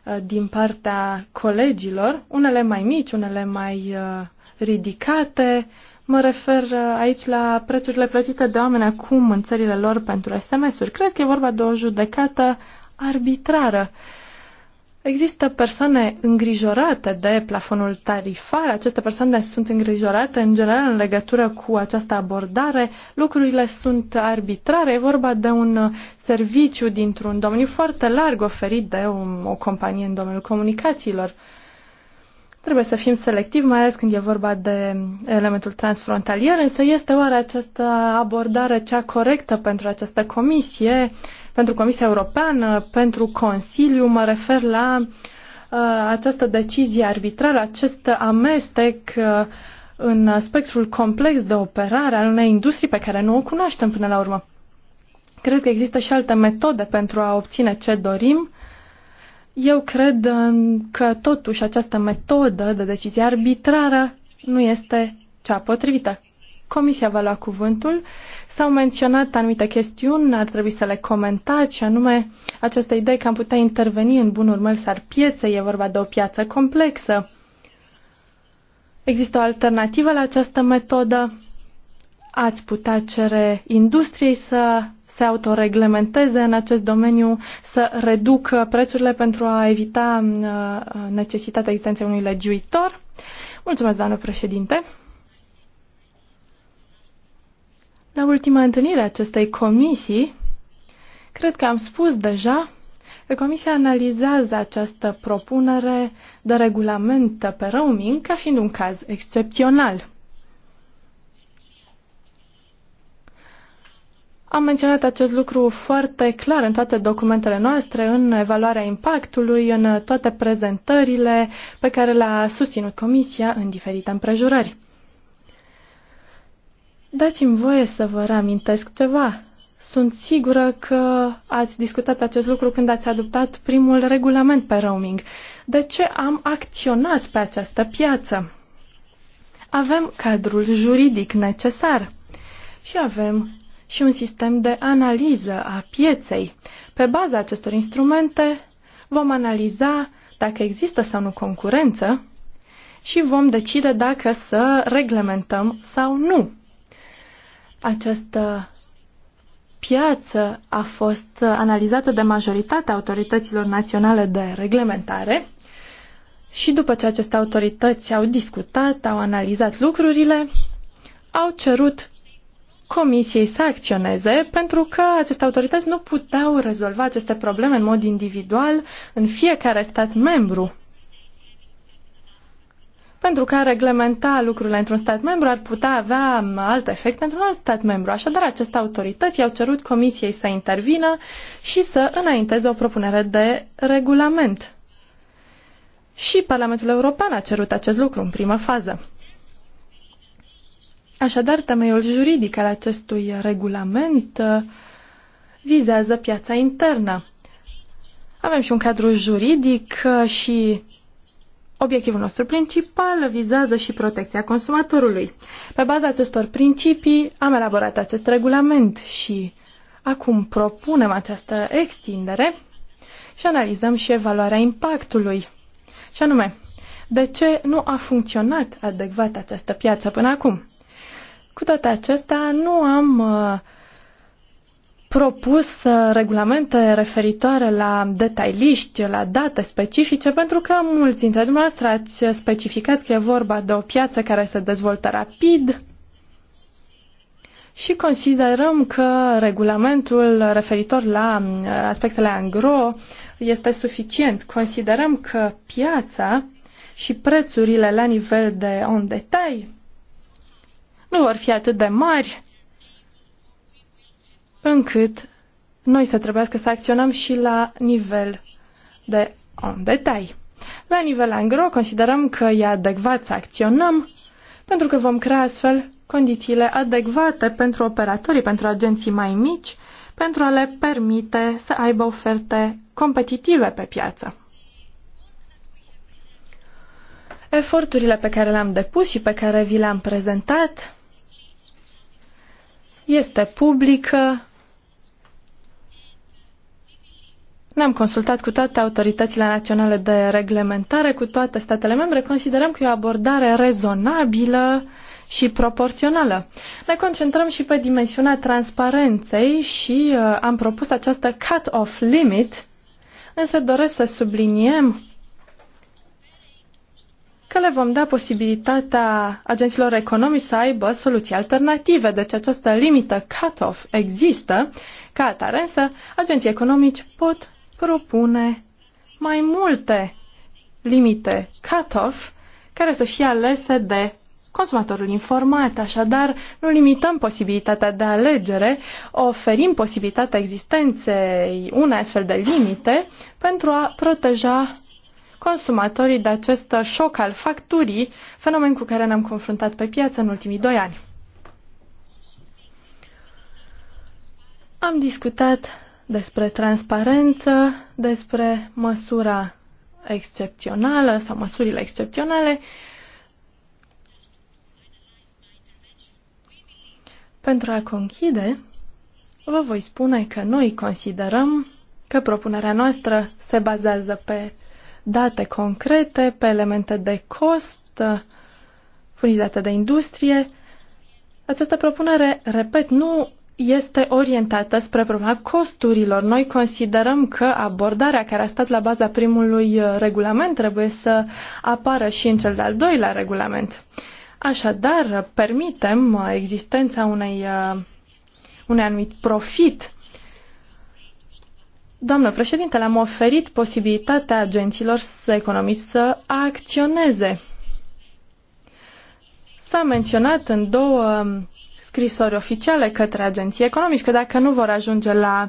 uh, din partea colegilor, unele mai mici, unele mai uh, ridicate. Mă refer uh, aici la prețurile plătite de oameni acum în țările lor pentru SMS-uri. Cred că e vorba de o judecată arbitrară. Uh, Există persoane îngrijorate de plafonul tarifar. Aceste persoane sunt îngrijorate în general în legătură cu această abordare. Lucrurile sunt arbitrare. E vorba de un serviciu dintr-un domeniu foarte larg oferit de o, o companie în domeniul comunicațiilor. Trebuie să fim selectivi, mai ales când e vorba de elementul transfrontalier, însă este oare această abordare cea corectă pentru această comisie? Uh, pentru Comisia Europeană, pentru Consiliu, mă refer la uh, această decizie arbitrară, acest amestec uh, în spectrul complex de operare al unei industrii pe care nu o cunoaștem până la urmă. Cred că există și alte metode pentru a obține ce dorim. Eu cred că totuși această metodă de decizie arbitrară nu este cea potrivită. Comisia va lua cuvântul S-au menționat anumite chestiuni, ar trebui să le comentați, și anume această idee că am putea interveni în bunul mers pieței, e vorba de o piață complexă. Există o alternativă la această metodă? Ați putea cere industriei să se autoreglementeze în acest domeniu, să reducă prețurile pentru a evita uh, necesitatea existenței unui legiuitor? Mulțumesc, doamnă președinte! La ultima întâlnire a acestei comisii, cred că am spus deja, că Comisia analizează această propunere de regulament pe roaming ca fiind un caz excepțional. Am menționat acest lucru foarte clar în toate documentele noastre, în evaluarea impactului, în toate prezentările pe care le-a susținut Comisia în diferite împrejurări. Dați-mi voie să vă reamintesc ceva. Sunt sigură că ați discutat acest lucru când ați adoptat primul regulament pe roaming. De ce am acționat pe această piață? Avem cadrul juridic necesar și avem și un sistem de analiză a pieței. Pe baza acestor instrumente vom analiza dacă există sau nu concurență și vom decide dacă să reglementăm sau nu această piață a fost analizată de majoritatea autorităților naționale de reglementare și după ce aceste autorități au discutat, au analizat lucrurile, au cerut comisiei să acționeze pentru că aceste autorități nu puteau rezolva aceste probleme în mod individual în fiecare stat membru pentru că a reglementa lucrurile într-un stat membru ar putea avea alt efect într-un alt stat membru. Așadar, aceste autorități i-au cerut Comisiei să intervină și să înainteze o propunere de regulament. Și Parlamentul European a cerut acest lucru în primă fază. Așadar, temeiul juridic al acestui regulament uh, vizează piața internă. Avem și un cadru juridic uh, și Obiectivul nostru principal vizează și protecția consumatorului. Pe baza acestor principii am elaborat acest regulament și acum propunem această extindere și analizăm și evaluarea impactului. Și anume, de ce nu a funcționat adecvat această piață până acum? Cu toate acestea, nu am uh, propus uh, regulamente referitoare la detailiști, la date specifice, pentru că mulți dintre dumneavoastră ați specificat că e vorba de o piață care se dezvoltă rapid și considerăm că regulamentul referitor la uh, aspectele angro este suficient. Considerăm că piața și prețurile la nivel de on detail nu vor fi atât de mari încât noi să trebuiască să acționăm și la nivel de în detail. La nivel angro, considerăm că e adecvat să acționăm pentru că vom crea astfel condițiile adecvate pentru operatorii, pentru agenții mai mici, pentru a le permite să aibă oferte competitive pe piață. Eforturile pe care le-am depus și pe care vi le-am prezentat este publică, Ne-am consultat cu toate autoritățile naționale de reglementare, cu toate statele membre. Considerăm că e o abordare rezonabilă și proporțională. Ne concentrăm și pe dimensiunea transparenței și uh, am propus această cut-off limit, însă doresc să subliniem că le vom da posibilitatea agenților economici să aibă soluții alternative. Deci această limită cut-off există, ca atare însă agenții economici pot propune mai multe limite cut-off care să fie alese de consumatorul informat. Așadar, nu limităm posibilitatea de alegere, oferim posibilitatea existenței unei astfel de limite pentru a proteja consumatorii de acest șoc al facturii, fenomen cu care ne-am confruntat pe piață în ultimii doi ani. Am discutat despre transparență, despre măsura excepțională sau măsurile excepționale. Pentru a conchide, vă voi spune că noi considerăm că propunerea noastră se bazează pe date concrete, pe elemente de cost furnizate de industrie. Această propunere, repet, nu este orientată spre problema costurilor. Noi considerăm că abordarea care a stat la baza primului uh, regulament trebuie să apară și în cel de-al doilea regulament. Așadar, permitem uh, existența unei, uh, unei anumit profit Doamnă președinte, le-am oferit posibilitatea agenților să economici să acționeze. S-a menționat în două scrisori oficiale către agenții economici, că dacă nu vor ajunge la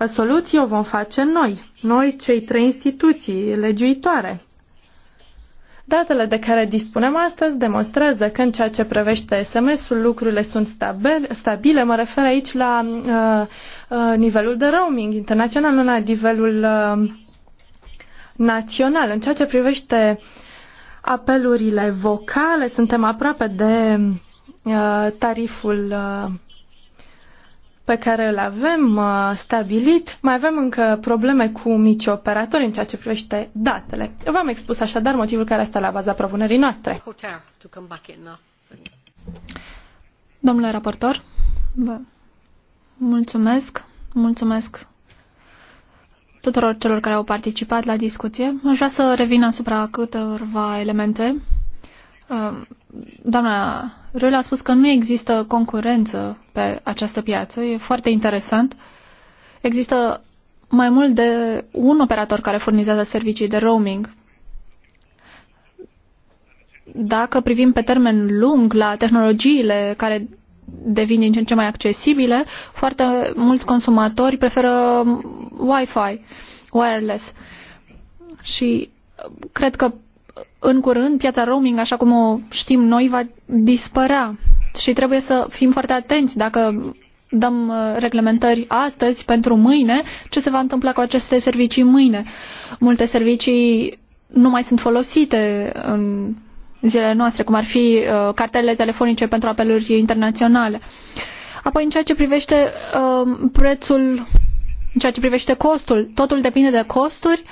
uh, soluții, o vom face noi, noi cei trei instituții legiuitoare. Datele de care dispunem astăzi demonstrează că în ceea ce privește SMS-ul lucrurile sunt stabile. Mă refer aici la uh, uh, nivelul de roaming internațional, nu la nivelul uh, național. În ceea ce privește apelurile vocale, suntem aproape de Uh, tariful uh, pe care îl avem uh, stabilit. Mai avem încă probleme cu mici operatori în ceea ce privește datele. V-am expus așadar motivul care este la baza propunerii noastre. Domnule raportor, vă mulțumesc. Mulțumesc tuturor celor care au participat la discuție. Aș vrea să revin asupra câtorva elemente Uh, doamna Râl a spus că nu există concurență pe această piață. E foarte interesant. Există mai mult de un operator care furnizează servicii de roaming. Dacă privim pe termen lung la tehnologiile care devin din ce în ce mai accesibile, foarte mulți consumatori preferă Wi-Fi, wireless. Și cred că în curând piața roaming, așa cum o știm noi, va dispărea și trebuie să fim foarte atenți dacă dăm uh, reglementări astăzi pentru mâine, ce se va întâmpla cu aceste servicii mâine. Multe servicii nu mai sunt folosite în zilele noastre, cum ar fi uh, cartelele telefonice pentru apeluri internaționale. Apoi, în ceea ce privește uh, prețul, în ceea ce privește costul, totul depinde de costuri.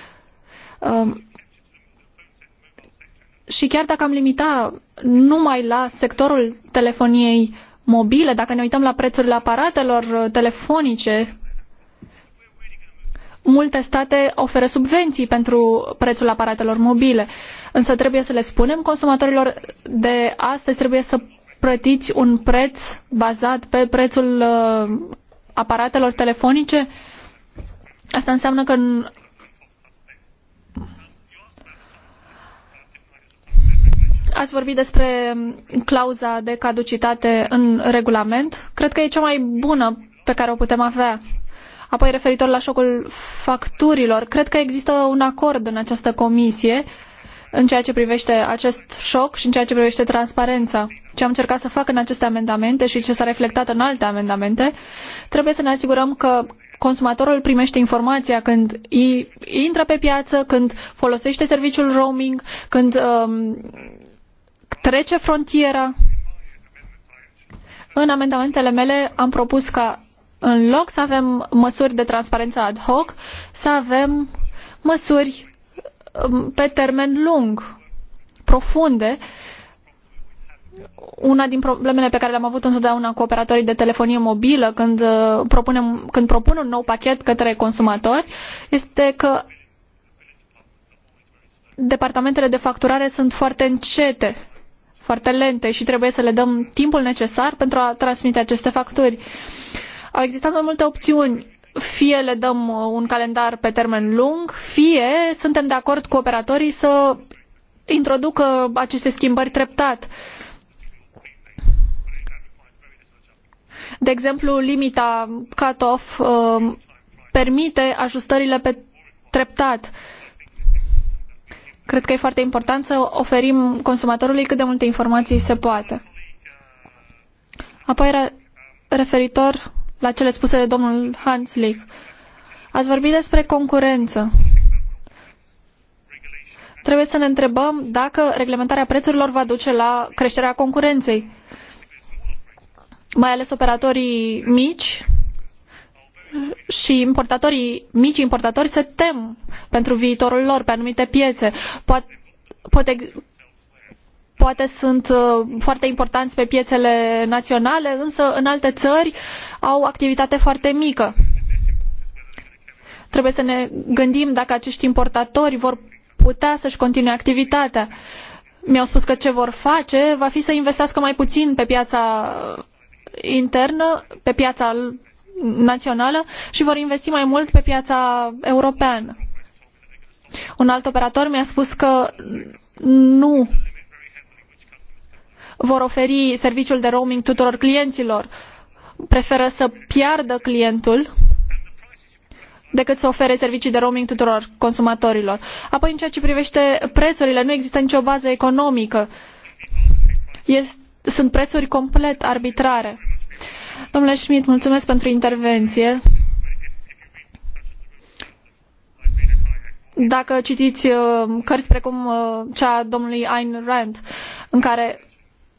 Și chiar dacă am limita numai la sectorul telefoniei mobile, dacă ne uităm la prețurile aparatelor telefonice, multe state oferă subvenții pentru prețul aparatelor mobile. Însă trebuie să le spunem consumatorilor de astăzi trebuie să plătiți un preț bazat pe prețul uh, aparatelor telefonice. Asta înseamnă că Ați vorbit despre clauza de caducitate în regulament. Cred că e cea mai bună pe care o putem avea. Apoi, referitor la șocul facturilor, cred că există un acord în această comisie în ceea ce privește acest șoc și în ceea ce privește transparența. Ce am încercat să fac în aceste amendamente și ce s-a reflectat în alte amendamente, trebuie să ne asigurăm că consumatorul primește informația când intră pe piață, când folosește serviciul roaming, când um, trece frontiera. În amendamentele mele am propus ca în loc să avem măsuri de transparență ad hoc, să avem măsuri um, pe termen lung, profunde. Una din problemele pe care le-am avut întotdeauna cu operatorii de telefonie mobilă când, uh, propunem, când propun un nou pachet către consumatori este că departamentele de facturare sunt foarte încete foarte lente și trebuie să le dăm timpul necesar pentru a transmite aceste facturi. Au existat mai multe opțiuni fie le dăm uh, un calendar pe termen lung, fie suntem de acord cu operatorii să introducă aceste schimbări treptat. De exemplu, limita cut-off uh, permite ajustările pe treptat. Uh, Cred că e foarte important să oferim consumatorului cât de multe informații se poate. Apoi, referitor la cele spuse de domnul Hanslick, ați vorbit despre concurență. Trebuie să ne întrebăm dacă reglementarea prețurilor va duce la creșterea concurenței. Mai ales operatorii mici și importatorii, mici importatori se tem pentru viitorul lor pe anumite piețe. Poate, poate, poate sunt uh, foarte importanți pe piețele naționale, însă în alte țări au activitate foarte mică. Trebuie să ne gândim dacă acești importatori vor putea să-și continue activitatea. Mi-au spus că ce vor face va fi să investească mai puțin pe piața uh, internă, pe piața națională și vor investi mai mult pe piața europeană. Un alt operator mi-a spus că nu vor oferi serviciul de roaming tuturor clienților. Preferă să piardă clientul decât să ofere servicii de roaming tuturor consumatorilor. Apoi, în ceea ce privește prețurile, nu există nicio bază economică. Este, sunt prețuri complet arbitrare Domnule Schmidt, mulțumesc pentru intervenție. Dacă citiți uh, cărți precum uh, cea a domnului Ayn Rand, în care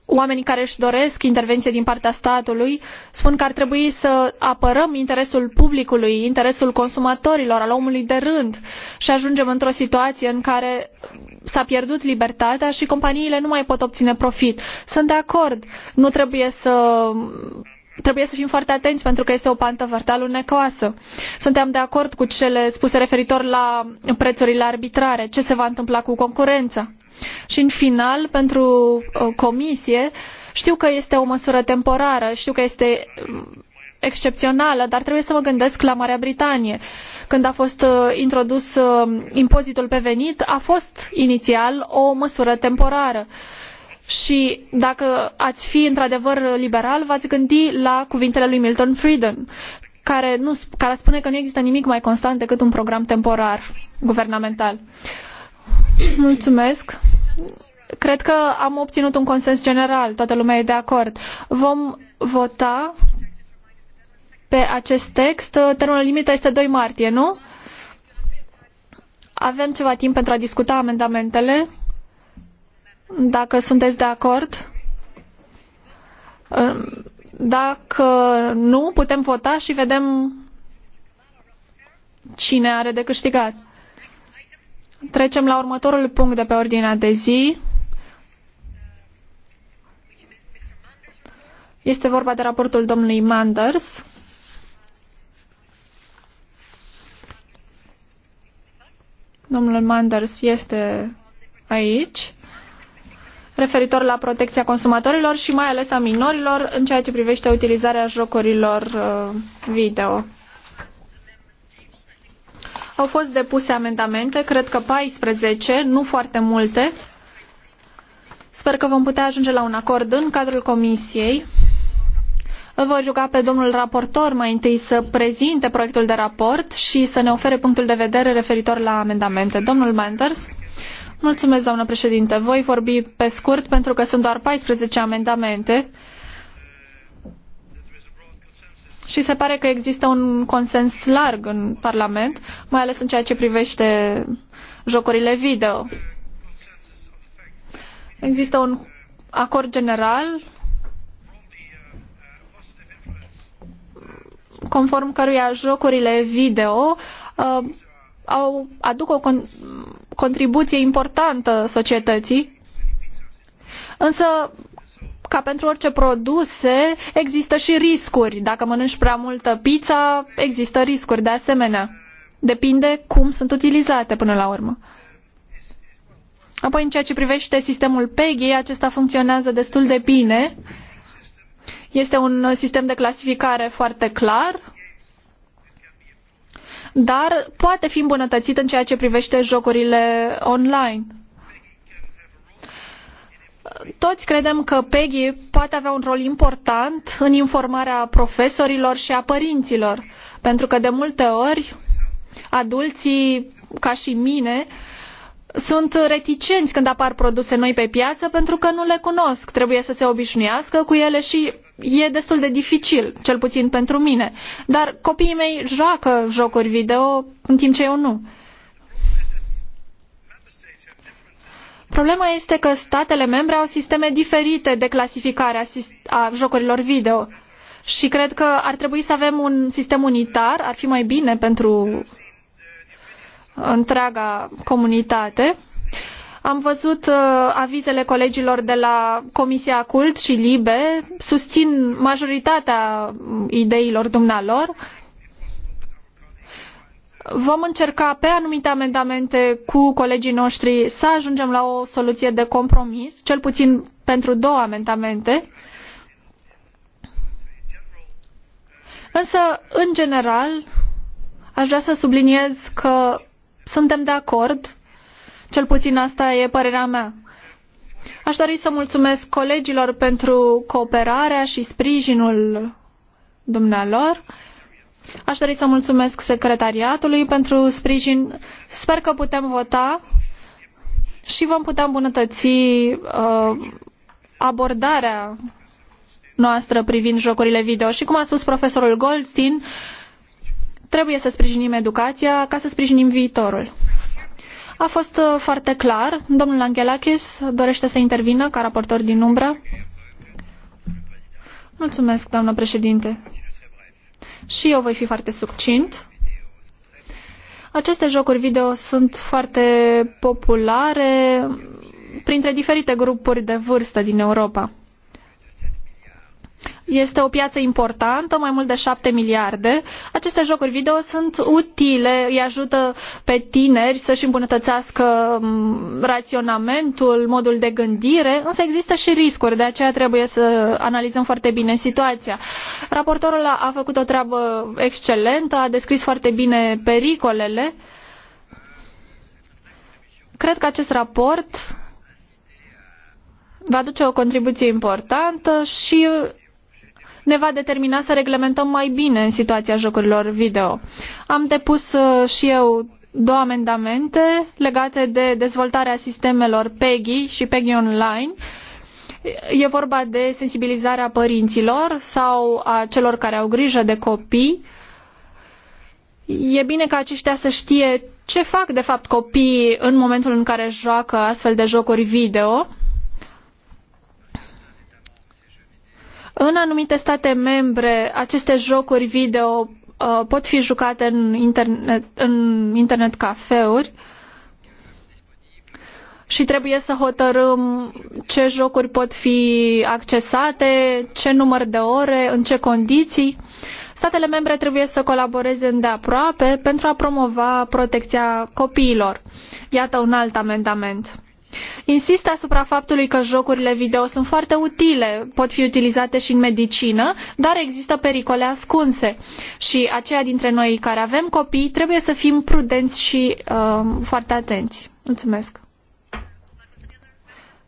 oamenii care își doresc intervenție din partea statului spun că ar trebui să apărăm interesul publicului, interesul consumatorilor, al omului de rând și ajungem într-o situație în care s-a pierdut libertatea și companiile nu mai pot obține profit. Sunt de acord, nu trebuie să Trebuie să fim foarte atenți pentru că este o pantă foarte alunecoasă. Suntem de acord cu cele spuse referitor la prețurile arbitrare, ce se va întâmpla cu concurența. Și în final, pentru uh, comisie, știu că este o măsură temporară, știu că este um, excepțională, dar trebuie să mă gândesc la Marea Britanie. Când a fost uh, introdus uh, impozitul pe venit, a fost inițial o măsură temporară și dacă ați fi într-adevăr liberal, v-ați gândi la cuvintele lui Milton Friedman, care, nu, care spune că nu există nimic mai constant decât un program temporar guvernamental. Mulțumesc. Cred că am obținut un consens general, toată lumea e de acord. Vom vota pe acest text. Termenul limită este 2 martie, nu? Avem ceva timp pentru a discuta amendamentele. Dacă sunteți de acord? Dacă nu, putem vota și vedem cine are de câștigat. Trecem la următorul punct de pe ordinea de zi. Este vorba de raportul domnului Manders. Domnul Manders este aici referitor la protecția consumatorilor și mai ales a minorilor în ceea ce privește utilizarea jocurilor uh, video. Au fost depuse amendamente, cred că 14, nu foarte multe. Sper că vom putea ajunge la un acord în cadrul comisiei. Îl voi ruga pe domnul raportor mai întâi să prezinte proiectul de raport și să ne ofere punctul de vedere referitor la amendamente. Domnul Manders. Mulțumesc, doamnă președinte. Voi vorbi pe scurt pentru că sunt doar 14 amendamente și se pare că există un consens larg în Parlament, mai ales în ceea ce privește jocurile video. Există un acord general conform căruia jocurile video uh, au, aduc o con- contribuție importantă societății. Însă, ca pentru orice produse, există și riscuri. Dacă mănânci prea multă pizza, există riscuri de asemenea. Depinde cum sunt utilizate până la urmă. Apoi, în ceea ce privește sistemul PEGI, acesta funcționează destul de bine. Este un sistem de clasificare foarte clar, dar poate fi îmbunătățit în ceea ce privește jocurile online. Toți credem că PEGI poate avea un rol important în informarea profesorilor și a părinților, pentru că de multe ori adulții, ca și mine, sunt reticenți când apar produse noi pe piață pentru că nu le cunosc. Trebuie să se obișnuiască cu ele și e destul de dificil, cel puțin pentru mine. Dar copiii mei joacă jocuri video în timp ce eu nu. Problema este că statele membre au sisteme diferite de clasificare a, jocurilor video și cred că ar trebui să avem un sistem unitar, ar fi mai bine pentru întreaga comunitate. Am văzut uh, avizele colegilor de la Comisia Cult și Libe, susțin majoritatea ideilor dumnealor. Vom încerca pe anumite amendamente cu colegii noștri să ajungem la o soluție de compromis, cel puțin pentru două amendamente. Însă, în general, aș vrea să subliniez că suntem de acord cel puțin asta e părerea mea. Aș dori să mulțumesc colegilor pentru cooperarea și sprijinul dumnealor. Aș dori să mulțumesc secretariatului pentru sprijin. Sper că putem vota și vom putea îmbunătăți uh, abordarea noastră privind jocurile video. Și cum a spus profesorul Goldstein, trebuie să sprijinim educația ca să sprijinim viitorul. A fost uh, foarte clar. Domnul Angelakis dorește să intervină ca raportor din umbră. Mulțumesc, doamnă președinte. Și eu voi fi foarte succint. Aceste jocuri video sunt foarte populare printre diferite grupuri de vârstă din Europa. Este o piață importantă, mai mult de 7 miliarde. Aceste jocuri video sunt utile, îi ajută pe tineri să-și îmbunătățească mm, raționamentul, modul de gândire, însă există și riscuri, de aceea trebuie să analizăm foarte bine situația. Raportorul a, a făcut o treabă excelentă, a descris foarte bine pericolele. Cred că acest raport va duce o contribuție importantă și ne va determina să reglementăm mai bine în situația jocurilor video. Am depus uh, și eu două amendamente legate de dezvoltarea sistemelor PEGI și PEGI Online. E vorba de sensibilizarea părinților sau a celor care au grijă de copii. E bine ca aceștia să știe ce fac de fapt copiii în momentul în care joacă astfel de jocuri video În anumite state membre, aceste jocuri video uh, pot fi jucate în internet, în internet cafeuri și trebuie să hotărâm ce jocuri pot fi accesate, ce număr de ore, în ce condiții. Statele membre trebuie să colaboreze îndeaproape pentru a promova protecția copiilor. Iată un alt amendament. Insist asupra faptului că jocurile video sunt foarte utile, pot fi utilizate și în medicină, dar există pericole ascunse și aceia dintre noi care avem copii trebuie să fim prudenți și uh, foarte atenți. Mulțumesc!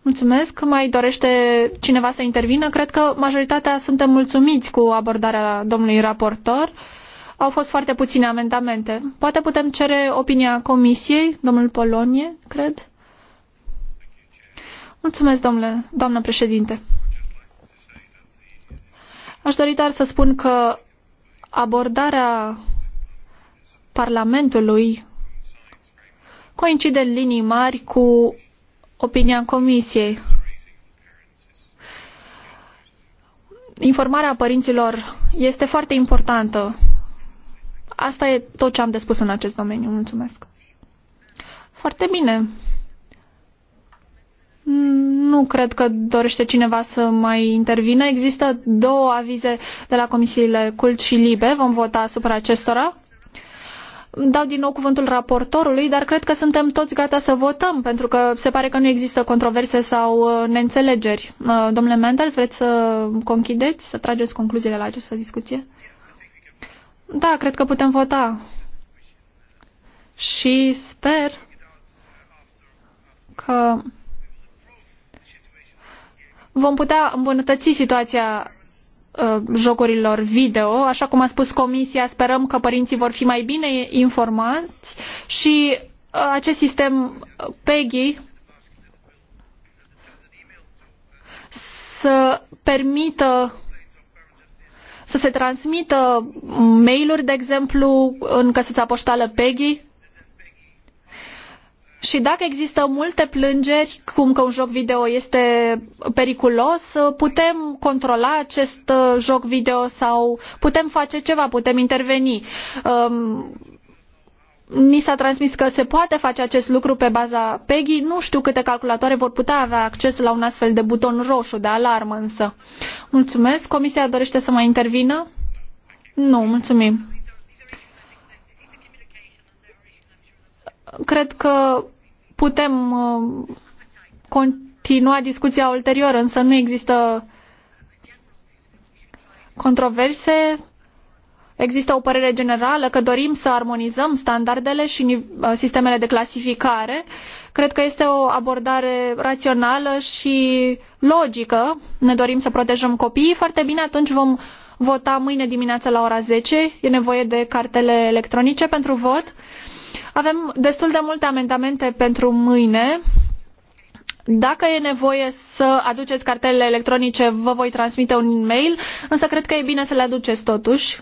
Mulțumesc. Mai dorește cineva să intervină? Cred că majoritatea suntem mulțumiți cu abordarea domnului raportor. Au fost foarte puține amendamente. Poate putem cere opinia comisiei, domnul Polonie, cred. Mulțumesc, domnule, doamnă președinte. Aș dori doar să spun că abordarea Parlamentului coincide în linii mari cu opinia Comisiei. Informarea părinților este foarte importantă. Asta e tot ce am de spus în acest domeniu. Mulțumesc. Foarte bine. Nu cred că dorește cineva să mai intervină. Există două avize de la comisiile Cult și Libe. Vom vota asupra acestora. Dau din nou cuvântul raportorului, dar cred că suntem toți gata să votăm, pentru că se pare că nu există controverse sau uh, neînțelegeri. Uh, domnule Menders, vreți să conchideți, să trageți concluziile la această discuție? Da, cred că putem vota. Și sper că vom putea îmbunătăți situația ă, jocurilor video. Așa cum a spus comisia, sperăm că părinții vor fi mai bine informați și ă, acest sistem ă, PEGI să permită să se transmită mail-uri, de exemplu, în căsuța poștală PEGI și dacă există multe plângeri, cum că un joc video este periculos, putem controla acest uh, joc video sau putem face ceva, putem interveni. Um, ni s-a transmis că se poate face acest lucru pe baza PEGI. Nu știu câte calculatoare vor putea avea acces la un astfel de buton roșu de alarmă însă. Mulțumesc. Comisia dorește să mai intervină? Nu, mulțumim. Cred că putem uh, continua discuția ulterior, însă nu există controverse. Există o părere generală că dorim să armonizăm standardele și uh, sistemele de clasificare. Cred că este o abordare rațională și logică. Ne dorim să protejăm copiii foarte bine, atunci vom vota mâine dimineață la ora 10. E nevoie de cartele electronice pentru vot. Avem destul de multe amendamente pentru mâine. Dacă e nevoie să aduceți cartelele electronice, vă voi transmite un e-mail, însă cred că e bine să le aduceți totuși.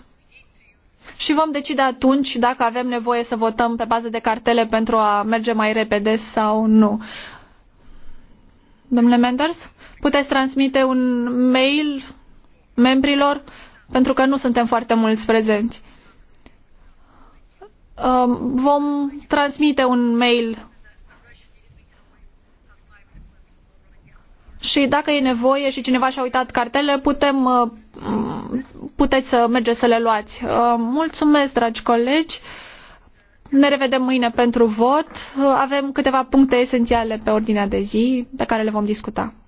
Și vom decide atunci dacă avem nevoie să votăm pe bază de cartele pentru a merge mai repede sau nu. Domnule Menders, puteți transmite un mail membrilor pentru că nu suntem foarte mulți prezenți. Um, vom transmite un mail și dacă e nevoie și cineva și-a uitat cartele, putem, uh, puteți să mergeți să le luați. Uh, mulțumesc, dragi colegi! Ne revedem mâine pentru vot. Uh, avem câteva puncte esențiale pe ordinea de zi pe care le vom discuta.